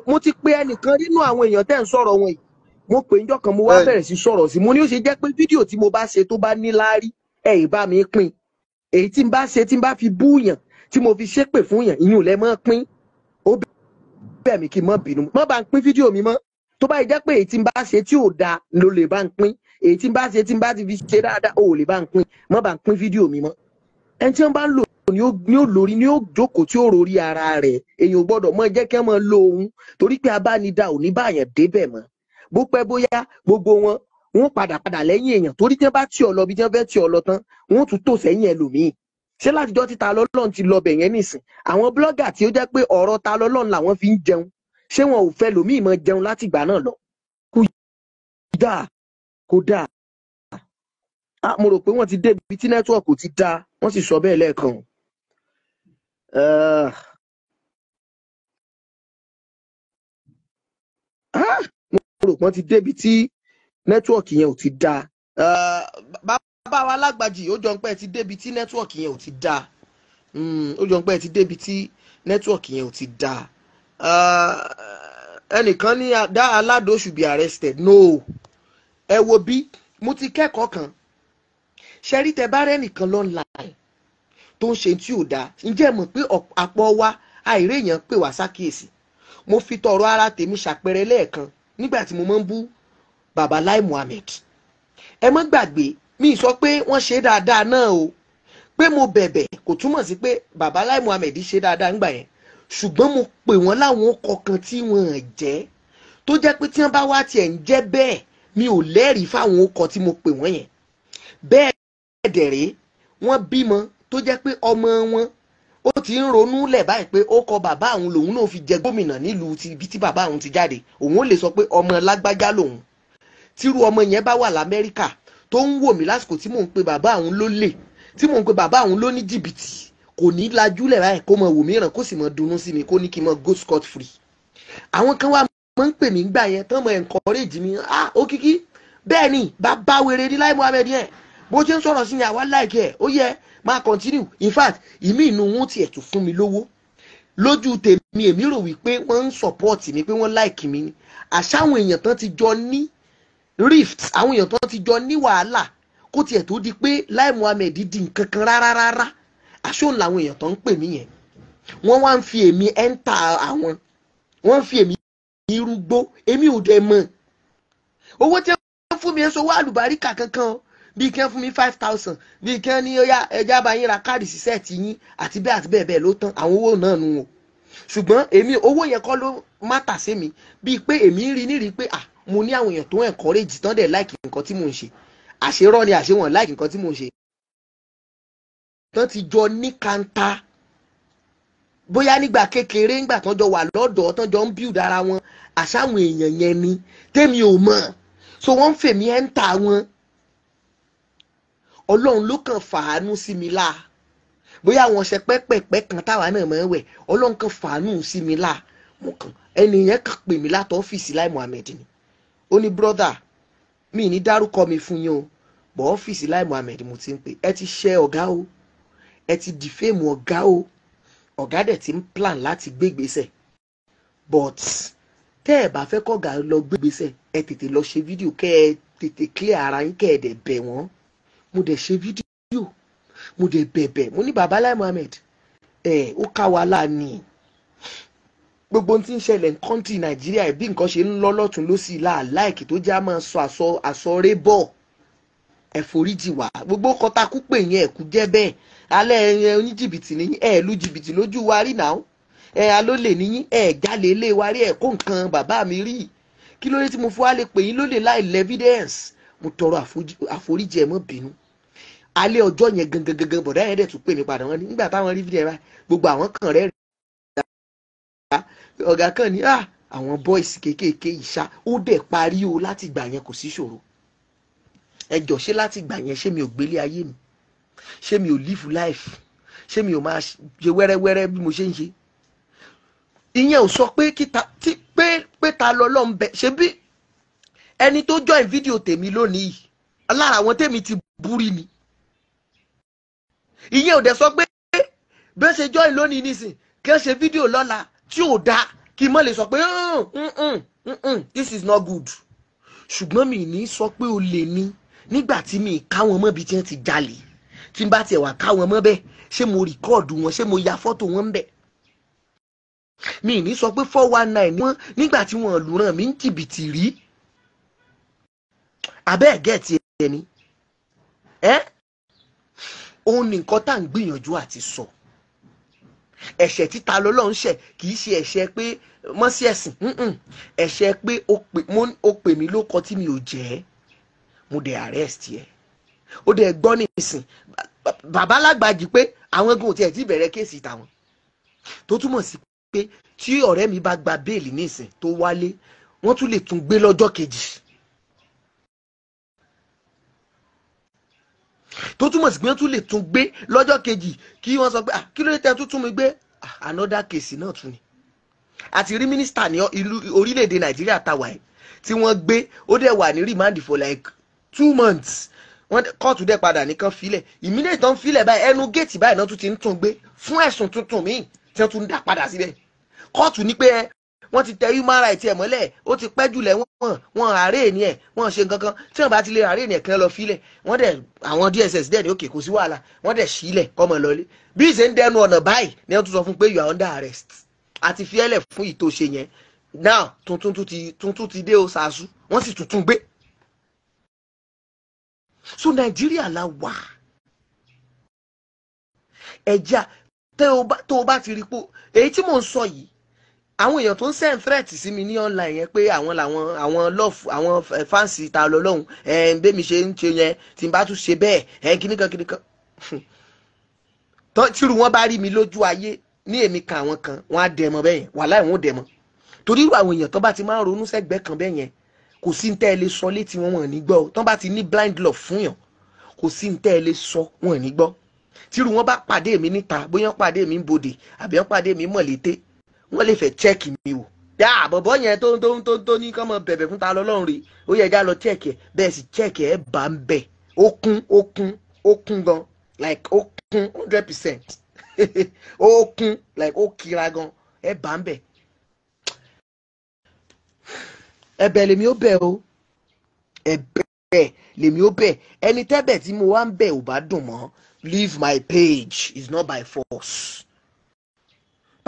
mo ti pé ẹnìkan nínú àwọn èèyàn tẹ́ ń sọ̀rọ̀ wọn yìí mo pè ń jọ́ kan mo wá bẹ̀rẹ̀ sí sọ̀rọ̀ sí mo ní ó ṣe jẹ́ pé fídíò tí mo bá ṣe tó bá ní láárí ẹ̀ ì bá mi pín èyí tí n bá ṣe tí n bá fi búùyàn tí mo fi ṣépè fún yàn ìyún lẹ mọ́ pín bẹ̀ mí kí n má bínú má bá ń pín fídíò mi mọ́ tó bá jẹ́ pé èyí tí n bá ṣe tí ò dáa ló lè bá ń pín èyí tí n bá ṣe tí n bá ti fi ṣe dáadáa ò lè bá ń pín má bá ń pín fídíò mi mọ́ ẹni tí wọ́n bá ń lò ni ó lórí ni ó jókòó tí ó rori ara rẹ̀ èèyàn gbọ́dọ̀ mọ jẹ́ kí wọ́n mọ lo òun torí pé abánidá ò ní báyàn débẹ̀ mọ́ bó pẹ́ bóyá gbogbo wọn wọ́n padà padà lẹ́yìn èèyàn torí tí wọ́n bá tì ọ lọ bí tí wọ́n fẹ́ tì ọ lọ tán wọ́n tún tò sẹ́yìn ẹlòmíì ṣé látijọ́ tí ta lọ́lọ́run ti lọ bẹ̀ yẹn nìsín àwọn blọ́gà tí ó jẹ́ pé ọ̀rọ̀ ta lọ́lọ́run làwọn fi ń jẹun ṣé wọn ò fẹ́ lòmíì mọ jẹun láti ìgbà náà lọ kò dáa kò dáa ah, mo rò pé wọ́n ti dé ibi tí nẹ́tíwọ̀kì ti dáa wọ́n sì sọ bẹ́ẹ̀ lẹ́ẹ̀kan. Eh. Ah, mo rò pé wọ́n ti dé ibi tí nẹ́tíwọ̀kì yẹn ò ti dáa. Eh, bá wa lágbàjì ó jọ ń pẹ́ ti débi tí nẹ́tíwọ̀kì yẹn ò ti da hmm, ó jọ ń pẹ́ ti débi tí nẹ́tíwọ̀kì yẹn ò ti da uh, ẹnìkan ní dá aládò should be arrested no ẹ wo bí mo ti kẹ́kọ̀ọ́ kan ṣẹ́rí tẹ bá rẹ́nìkan online tó ń ṣe tí ò dáa ǹjẹ́ mọ̀ pé àpọ̀ wa àìrè èèyàn pè wá sákìyèsí mo fi tọrọ ara tèmi ṣàpẹrẹ lẹ́ẹ̀kan nígbà tí mo máa ń bú baba Lai Muhammed ẹ má gbàgbé mi sọ pé wọ́n ṣe dáadáa náà o pé mo bẹ̀bẹ̀ kò túmọ̀ sí pé bàbá Lai Muhammed ṣe dáadáa ńgbà yẹn ṣùgbọ́n mo pè wọ́n láwọn kọ̀ọ̀kan tí wọ́n jẹ́ tó jẹ́ pé tí wọ́n bá wá tiẹ̀ ń jẹ́ bẹ́ẹ̀ mi ò lẹ́rìí fáwọn ọkọ̀ tí mo pè wọ́n yẹn bẹ́ẹ̀ dẹ̀rẹ́ wọ́n bímọ tó jẹ́ pé ọmọ wọn ó ti ń ronú lẹ̀ báyìí pé ó kọ bàbá òun lòun náà fi jẹ gómìnà nílùú ibi tí bàbá òun ti jáde òun ó lè sọ pé ọmọ lágbájá lòun tírú ọmọ yẹn bá wà lamẹ́ríkà tó ń wò mí lásìkò tí mò ń pe bàbá àwọn lólè tí mò ń pe bàbá àwọn lóní jìbìtì kò ní lajúlẹ̀ báyìí kó mọ wò mí ràn kó sì mọ dunnú sí mi kó ní kí n mọ go scot free àwọn kan wá mọ ń pè mí gbà yẹn tán mọ encourage mi ah Òkìkí bẹ́ẹ̀ ni bàbá wèrè ní Lai Muhammed yẹn bó ṣe ń sọ̀rọ̀ sí ni àwa láìkẹ́ ẹ̀ ó yẹ máa continue in fact ìmí inú wọn tiẹ̀ tún fún mi lówó lójú tèmi èmi rò wípé wọ́n ń support mi pé wọ́n like mi ni àṣà àwọn èèyàn tán ti jọ ní rift àwọn èèyàn tó ti jọ ní wàhálà kó tiẹ̀ tó di pé Lai Muhammed di nǹkan kan rárá rárá aṣóun làwọn èèyàn tó ń pè mí yẹn wọ́n wá ń fi èmi ẹ́ńtà àwọn wọ́n ń fi èmi irúgbó èmi ò dẹ̀ mọ̀ owó tí wọ́n fún mi ẹ̀ sọ wá àlùbáríkà kankan bíi kí wọ́n fún mi five thousand bíi kí wọ́n ní ó yá ẹja bá yín ra káàdì sísẹ́ ti yín àti bẹ́ẹ̀ àti bẹ́ẹ̀ bẹ́ẹ̀ ló tán àwọn owó náà nù wọ́n ṣùgbọ́n èmi owó yẹn kọ́ ló mátà sí mi bíi pé èmi ń rí nírí pé ah mo ní àwọn èèyàn tó encourage tán dẹ̀ like nǹkan tí mò ń ṣe àṣerọ́ ni àṣe wọn like nǹkan tí mò ń ṣe tán ti jọ ní kanta bóyá nígbà kékeré ńgbà tán jọ wà lọ́dọ̀ tán jọ ń build ara wọn àṣàwọn èèyàn yẹn ni tèmi ò mọ̀ so wọ́n ń fèmí ẹ́ńtà wọn ọlọ́run ló kàn fàánú sí mi láà bóyá àwọn ọṣẹ pẹ́pẹ́pẹ́ kan táwa náà máa ń wẹ̀ ọlọ́run kan fàánú sí mi láà mo kàn ẹnìyẹn kàn pè mí látọ̀ ọ́fíìsì láì Muhammed ni ó ní brother mi ní dárúkọ mi fún yín o bọ̀ ọ́fíìsì Lai Muhammed mo ti ń pè ẹ ti ṣe ọ̀gá o ẹ ti dìfẹ́ẹ̀mù ọ̀gá o ọ̀gá dẹ̀ ti ń plan láti gbé but tẹ́ ẹ bá fẹ́ kọ̀gá lọ gbé ìgbésẹ̀ ẹ tètè lọ ṣe fídíò kẹ́ ẹ tètè clear ara yín kẹ́ ẹ dẹ̀ bẹ̀ wọ́n mo dẹ̀ ṣe fídíò mo dẹ̀ bẹ̀bẹ̀ mo ní bàbá Muhammed ẹ̀ ó ká wa láàánú gbogbo ohun tí ń ṣẹlẹ̀ kọ́ńtì nàìjíríà bí nǹkan ṣe ń lọ lọ́tún ló sì là láìkì tó já máa sọ àsọ àsọré bọ̀ ẹ̀foríjì wá gbogbo kọtakú pè yẹn ẹ̀kú jẹ́ bẹ́ẹ̀ alẹ́ ẹ oníjìbìtì ní ẹ lu jìbìtì lójú wa rí náà ẹ alólè ní ẹ jalè ilé wa rí ẹ kó nǹkan bàbá mi rí kí ló tí mo fọ́ á lè pè yín lólè láì lẹ́fídẹ́ǹs mo tọrọ àforíjì ẹ mọ́ bínú alẹ́ ọjọ́ yẹn gangan gangan bọ̀dá yẹn dẹ̀ tún pè mí padà wọn nígbà táwọn rí fídíẹ̀ báyìí gbogbo àwọn kan rẹ́rìn ọ̀gá kan ní ah, àwọn boys kéékèèké yìí ṣá ó dẹ̀ parí o láti gbà yẹn kò sí ṣòro ẹ jọ ṣé láti gbà yẹn ṣé mi ò gbélé ayé mi ṣé mi ò live life ṣé mi ò máa ṣe wẹ́rẹ́wẹ́rẹ́ bí mo ṣe ń ṣe ìyẹn ò sọ pé kíta tí pé pé ta lọ lọ́n bẹ ṣe bí ẹni tó join fídíò tèmi lónìí lára àwọn tèmi ti búrí ni ìyẹn ò dẹ̀ sọ pé bí ó ṣe join lónìí nísìn kí ó ṣe fídíò lọ́la tí ò dáa kí n má lè sọ pé mm, mm, mm, this is not good ṣùgbọ́n mi ní sọ pé o lè ní nígbà tí mi káwọn mọ́ bí tí wọ́n ti jalè tí n bá tiẹ̀ wà káwọn mọ́ bẹ́ẹ̀ ṣé mo rìkọ́ọ̀dù wọn ṣé mo ya fọ́tò wọn bẹ́ẹ̀ mi ní sọ pé four one nine wọn nígbà tí wọn lù ràn mí ń jìbìtì rí abẹ́ ẹ̀gẹ́ ti ẹni ẹ́ òun nìkan tá à ń gbìyànjú àti sọ. So ẹ̀ṣẹ̀ títa lọ́lọ́run ṣẹ̀ kì í ṣe ẹ̀ṣẹ̀ pé mọ́ sí ẹ̀sìn ẹ̀ṣẹ̀ pé ó pè mí lóko tí mi ò jẹ́ mo dẹ̀ arrest yẹ ó dẹ̀ gbọ́ nísìn bàbá alágbàjì pé àwọn egun tiẹ̀ ti bẹ̀rẹ̀ kéèsì tàwọn tó túmọ̀ sí pé tí ọ̀rẹ́ mi bá gba béèlì nísìn tó wálé wọ́n tún lè tún gbé lọ́jọ́ kejì tó túmọ̀ sí pé wọ́n tún lè tún gbé lọ́jọ́ kejì kí wọ́n sọ pé ah, kí ló dé tẹ́ tún tún mi gbé ah, another case náà tún ni àti rí mínísítà ní ìlú orílẹ̀-èdè nàìjíríà tàwa ẹ̀ tí wọ́n gbé ó dẹ̀ wà ní remand for like two months wọ́n kóòtù dẹ̀ padà nìkan filẹ̀ ìmílẹ̀ tán filẹ̀ báyìí ẹnu géètì báyìí náà tún ti ń tún gbé fún ẹ̀sùn tuntun míì tí wọ́n tún dá padà síbẹ̀ kóòtù ní pé wọ́n ti tẹ human rights ẹ̀ mọ́lẹ̀ ó ti pẹ́ jùlẹ̀ wọ́n wọ́n àárẹ̀ ènìyàn ẹ̀ wọ́n ṣe nǹkan kan tí wọ́n bá ti lè àárẹ̀ ènìyàn kan lọ fílẹ̀ wọ́n dẹ̀ àwọn DSS dẹ̀ ní òkè kò sí wàhálà wọ́n dẹ̀ sílẹ̀ kọ́mọ lọlé bí ìṣe ń dẹnu ọ̀nà báyìí ni wọ́n tún sọ fún pé you are under arrest àti fiẹ́lẹ̀ fún ìtòṣe yẹn now tuntun ti tuntun ti dé o ṣáṣú wọ́n sì tuntun gbé so Nàìjíríà la wà ẹja tó o bá ti rí po èyí tí mò ń sọ yìí àwọn èèyàn tó ń send threat sí mi ní online yẹn pé àwọn làwọn àwọn love àwọn eh, fáǹsì ta lọ lọ́hùn ẹ̀ẹ́n eh, bẹ́mi ṣe ń ṣe yẹn tí n bá tún ṣe bẹ́ẹ̀ ẹ̀ẹ́n eh, kíníkan kíníkan tírú wọn bá rí mi lójú ayé ní èmi kan àwọn kan wọn á dẹmọ bẹ́ẹ̀ wàláì wọn ò dẹmọ torí irú àwọn èèyàn tó bá ti máa ń ronú sẹ́gbẹ́ kan bẹ́ẹ̀ yẹn kò sí ntẹ́ ẹ lè sọ létí wọn wọn ní gbọ́ tó bá ti ní blind love fún yàn kò sí ntẹ́ ẹ lè sọ wọn ò ní gbọ́ tírú wọn bá pàdé mi níta bóyá pàdé mi ń bodè àbí wọn pàdé mi mọ̀lété wọ́n lè fẹ́ chẹ́ẹ̀kì mi wò yá bọ̀bọ̀ yẹn tó tó tó tó ní kọ́mọ bẹ̀bẹ̀ fún ta lọ́lọ́run rè ó yẹ já lọ chẹ́ẹ̀kì ẹ̀ bẹ́ẹ̀ sì chẹ́ẹ̀kì ẹ̀ bá ń bẹ̀ ó kún ó kún ó kún gan like ó kún hundred percent ó kún like ó kira gan ẹ̀ bá ń bẹ̀ ẹ̀bẹ̀ lèmi ó bẹ̀ o ẹ̀bẹ̀ lèmi ó bẹ̀ ẹni tẹ́bẹ̀ tí mo wá ń bẹ̀ ò bá dùn mọ́ leave my page is not by force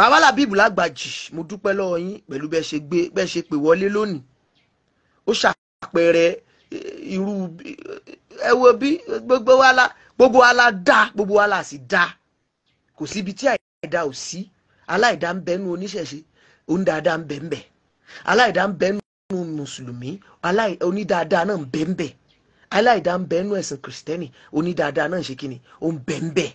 bàbá làbíbù lágbàjì mo dúpẹ́ lọ́wọ́ yín pẹ̀lú bẹ́ẹ̀ ṣe gbé bẹ́ẹ̀ ṣe pè wọlé lónìí ó ṣàpẹẹrẹ irú ẹ wo bí gbogbo wa la gbogbo wa la dá gbogbo wa la sì dá kò síbi tí àìdá ò sí aláìdá ń bẹ nú oníṣẹ̀ṣe onídàáda ń bẹ ń aláìdá ń bẹ mùsùlùmí onídàáda náà ń bẹ aláìdá ń bẹ nú kìrìsìtẹ́nì onídàáda náà ń ṣe kí ó ń bẹ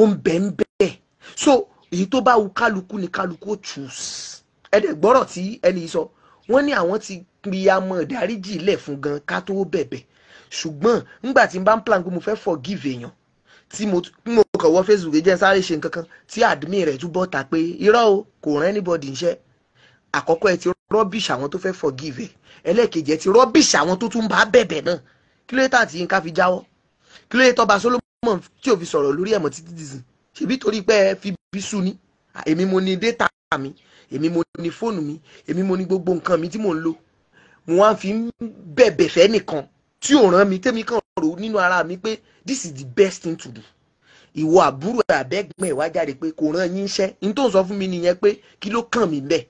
ó ń bẹ so èyí tó bá wu kálukú ni kálukú ó choose ẹ̀dẹ̀ gbọ́rọ̀ tí ẹni sọ wọ́n ní àwọn ti pìyàmọ̀ ìdáríjì ilẹ̀ fún gan ká tó bẹ̀bẹ̀ ṣùgbọ́n nígbà tí n bá ń plan pé mo fẹ́ forgive èèyàn tí mo mo kàn wọ Facebook jẹ́ sáré ṣe nǹkan kan tí admin rẹ̀ túbọ̀ ta pé irọ́ o kò rán anybody níṣẹ́ àkọ́kọ́ ẹ ti rọ́bìṣì àwọn tó fẹ́ forgive ẹ ẹlẹ́ẹ̀kejì ẹ ti rọ́bìṣì àwọn tó tún bá bẹ̀bẹ̀ náà kí ló yẹ tá àti yín ká fi jáwọ́ kí ló yẹ tọ́ba Solomon tí ò fi sọ̀rọ̀ lórí ẹ̀mọ́ títí dìsìn ṣebí torí pé ẹ fi bí sú ni èmi mo ní data mi èmi mo ní fóònù mi èmi mo ní gbogbo nǹkan mi tí mò ń lò mo wá fi ń bẹ̀bẹ̀ fẹ́ nìkan tí ò rán mi tẹ́mi kàn rò nínú ara mi pé this is the best thing to do ìwọ àbúrò àbẹ́gbọ̀n ìwà jáde pé kò rán yín iṣẹ́ ní tó ń sọ fún mi nìyẹn pé kí ló kàn mí bẹ́ẹ̀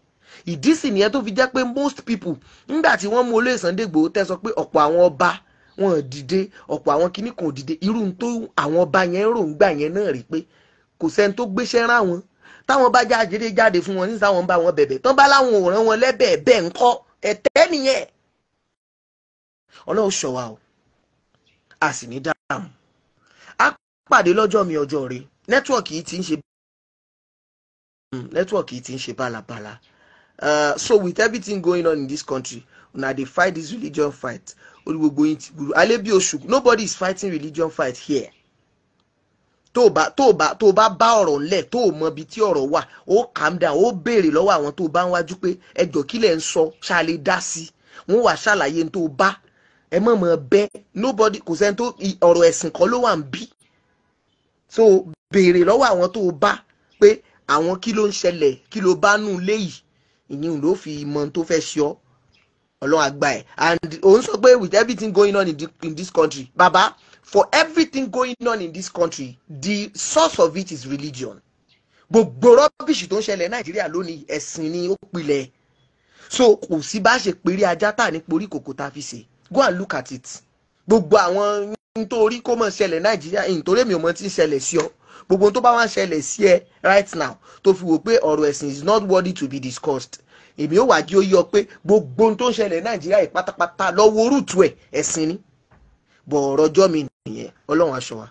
ìdí sì nìyẹn tó fi jẹ́ pé most people nígbà tí wọ́n mú olóyè Sunday Igboho tẹ́ sọ pé ọ̀pọ̀ àwọn ọba wọn dìde ọ̀pọ̀ àwọn kinní kan dìde irú tó àwọn ọba yẹn ròǹgbà yẹn náà rí pé kò sẹ́ni tó gbéṣẹ́ rán wọn táwọn bá jáde jáde fún wọn nígbà wọn bá wọn bẹ̀bẹ̀ tán bá láwọn ò rán wọn lẹ́bẹ̀ẹ́ bẹ́ẹ̀ ń kọ́ ẹ̀tẹ́ nìyẹn ọlọ́run ṣọ̀wá o a sì ní dáàmú a pàdé lọ́jọ́ mi ọjọ́ rẹ nẹ́tíwọ̀kì yìí ti ń ṣe hmm, nẹ́tíwọ̀kì yìí ti ń ṣe bálabàla uh, so with everything going on in this country una dey fight this religion fight olùgbogbo yìí ti gbúdú alẹ́ bí oṣù nobody is fighting religion fight here tó bá tó bá tó bá bá ọ̀rọ̀ ńlẹ̀ tó mọ ibi tí ọ̀rọ̀ wà ó calm down ó béèrè lọ́wọ́ àwọn tó bá ń wájú pé ẹjọ́ kí lẹ̀ ń sọ ṣáàlẹ̀ dá sí wọ́n wá ṣàlàyé tó bá ẹ mọ̀ mọ̀ bẹ́ nobody kò sẹ́ni tó ọ̀rọ̀ ẹ̀sìn kan ló wà ń bí so béèrè lọ́wọ́ àwọn tó bá pé àwọn kí ló ń ṣẹlẹ̀ kí ló bá nù léyìí ìyẹn ló fi mọ tó fẹ́ ṣe and òun sọ pé with everything going on in, in this country baba for everything going on in this country the source of it is religion gbogbo rọ́bìṣì tó ń ṣẹlẹ̀ nàìjíríà lónìí ẹ̀sìn ni ó pilẹ̀ so kò sí bá ṣe péré ajá tà ní porí kòkó tá fi ṣe go and look at it gbogbo àwọn nítorí kó mọ̀ ṣẹlẹ̀ nàìjíríà nítorí èmi ò mọ̀ tí ń ṣẹlẹ̀ sí ọ gbogbo tó bá wá ṣẹlẹ̀ sí ẹ right now tó fi wò pé ọ̀rọ̀ ẹ̀sìn is not worthy to be discussed èmi ò wá ó yọ pé gbogbo tó ń ṣẹlẹ̀ nàìjíríà yìí pátápátá lọ́wọ́ orúùtù ẹ̀ ẹ̀sìn ni bọ̀ ọ̀rọ̀ ọjọ́ mi nìyẹn ọlọ́run aṣọ wa.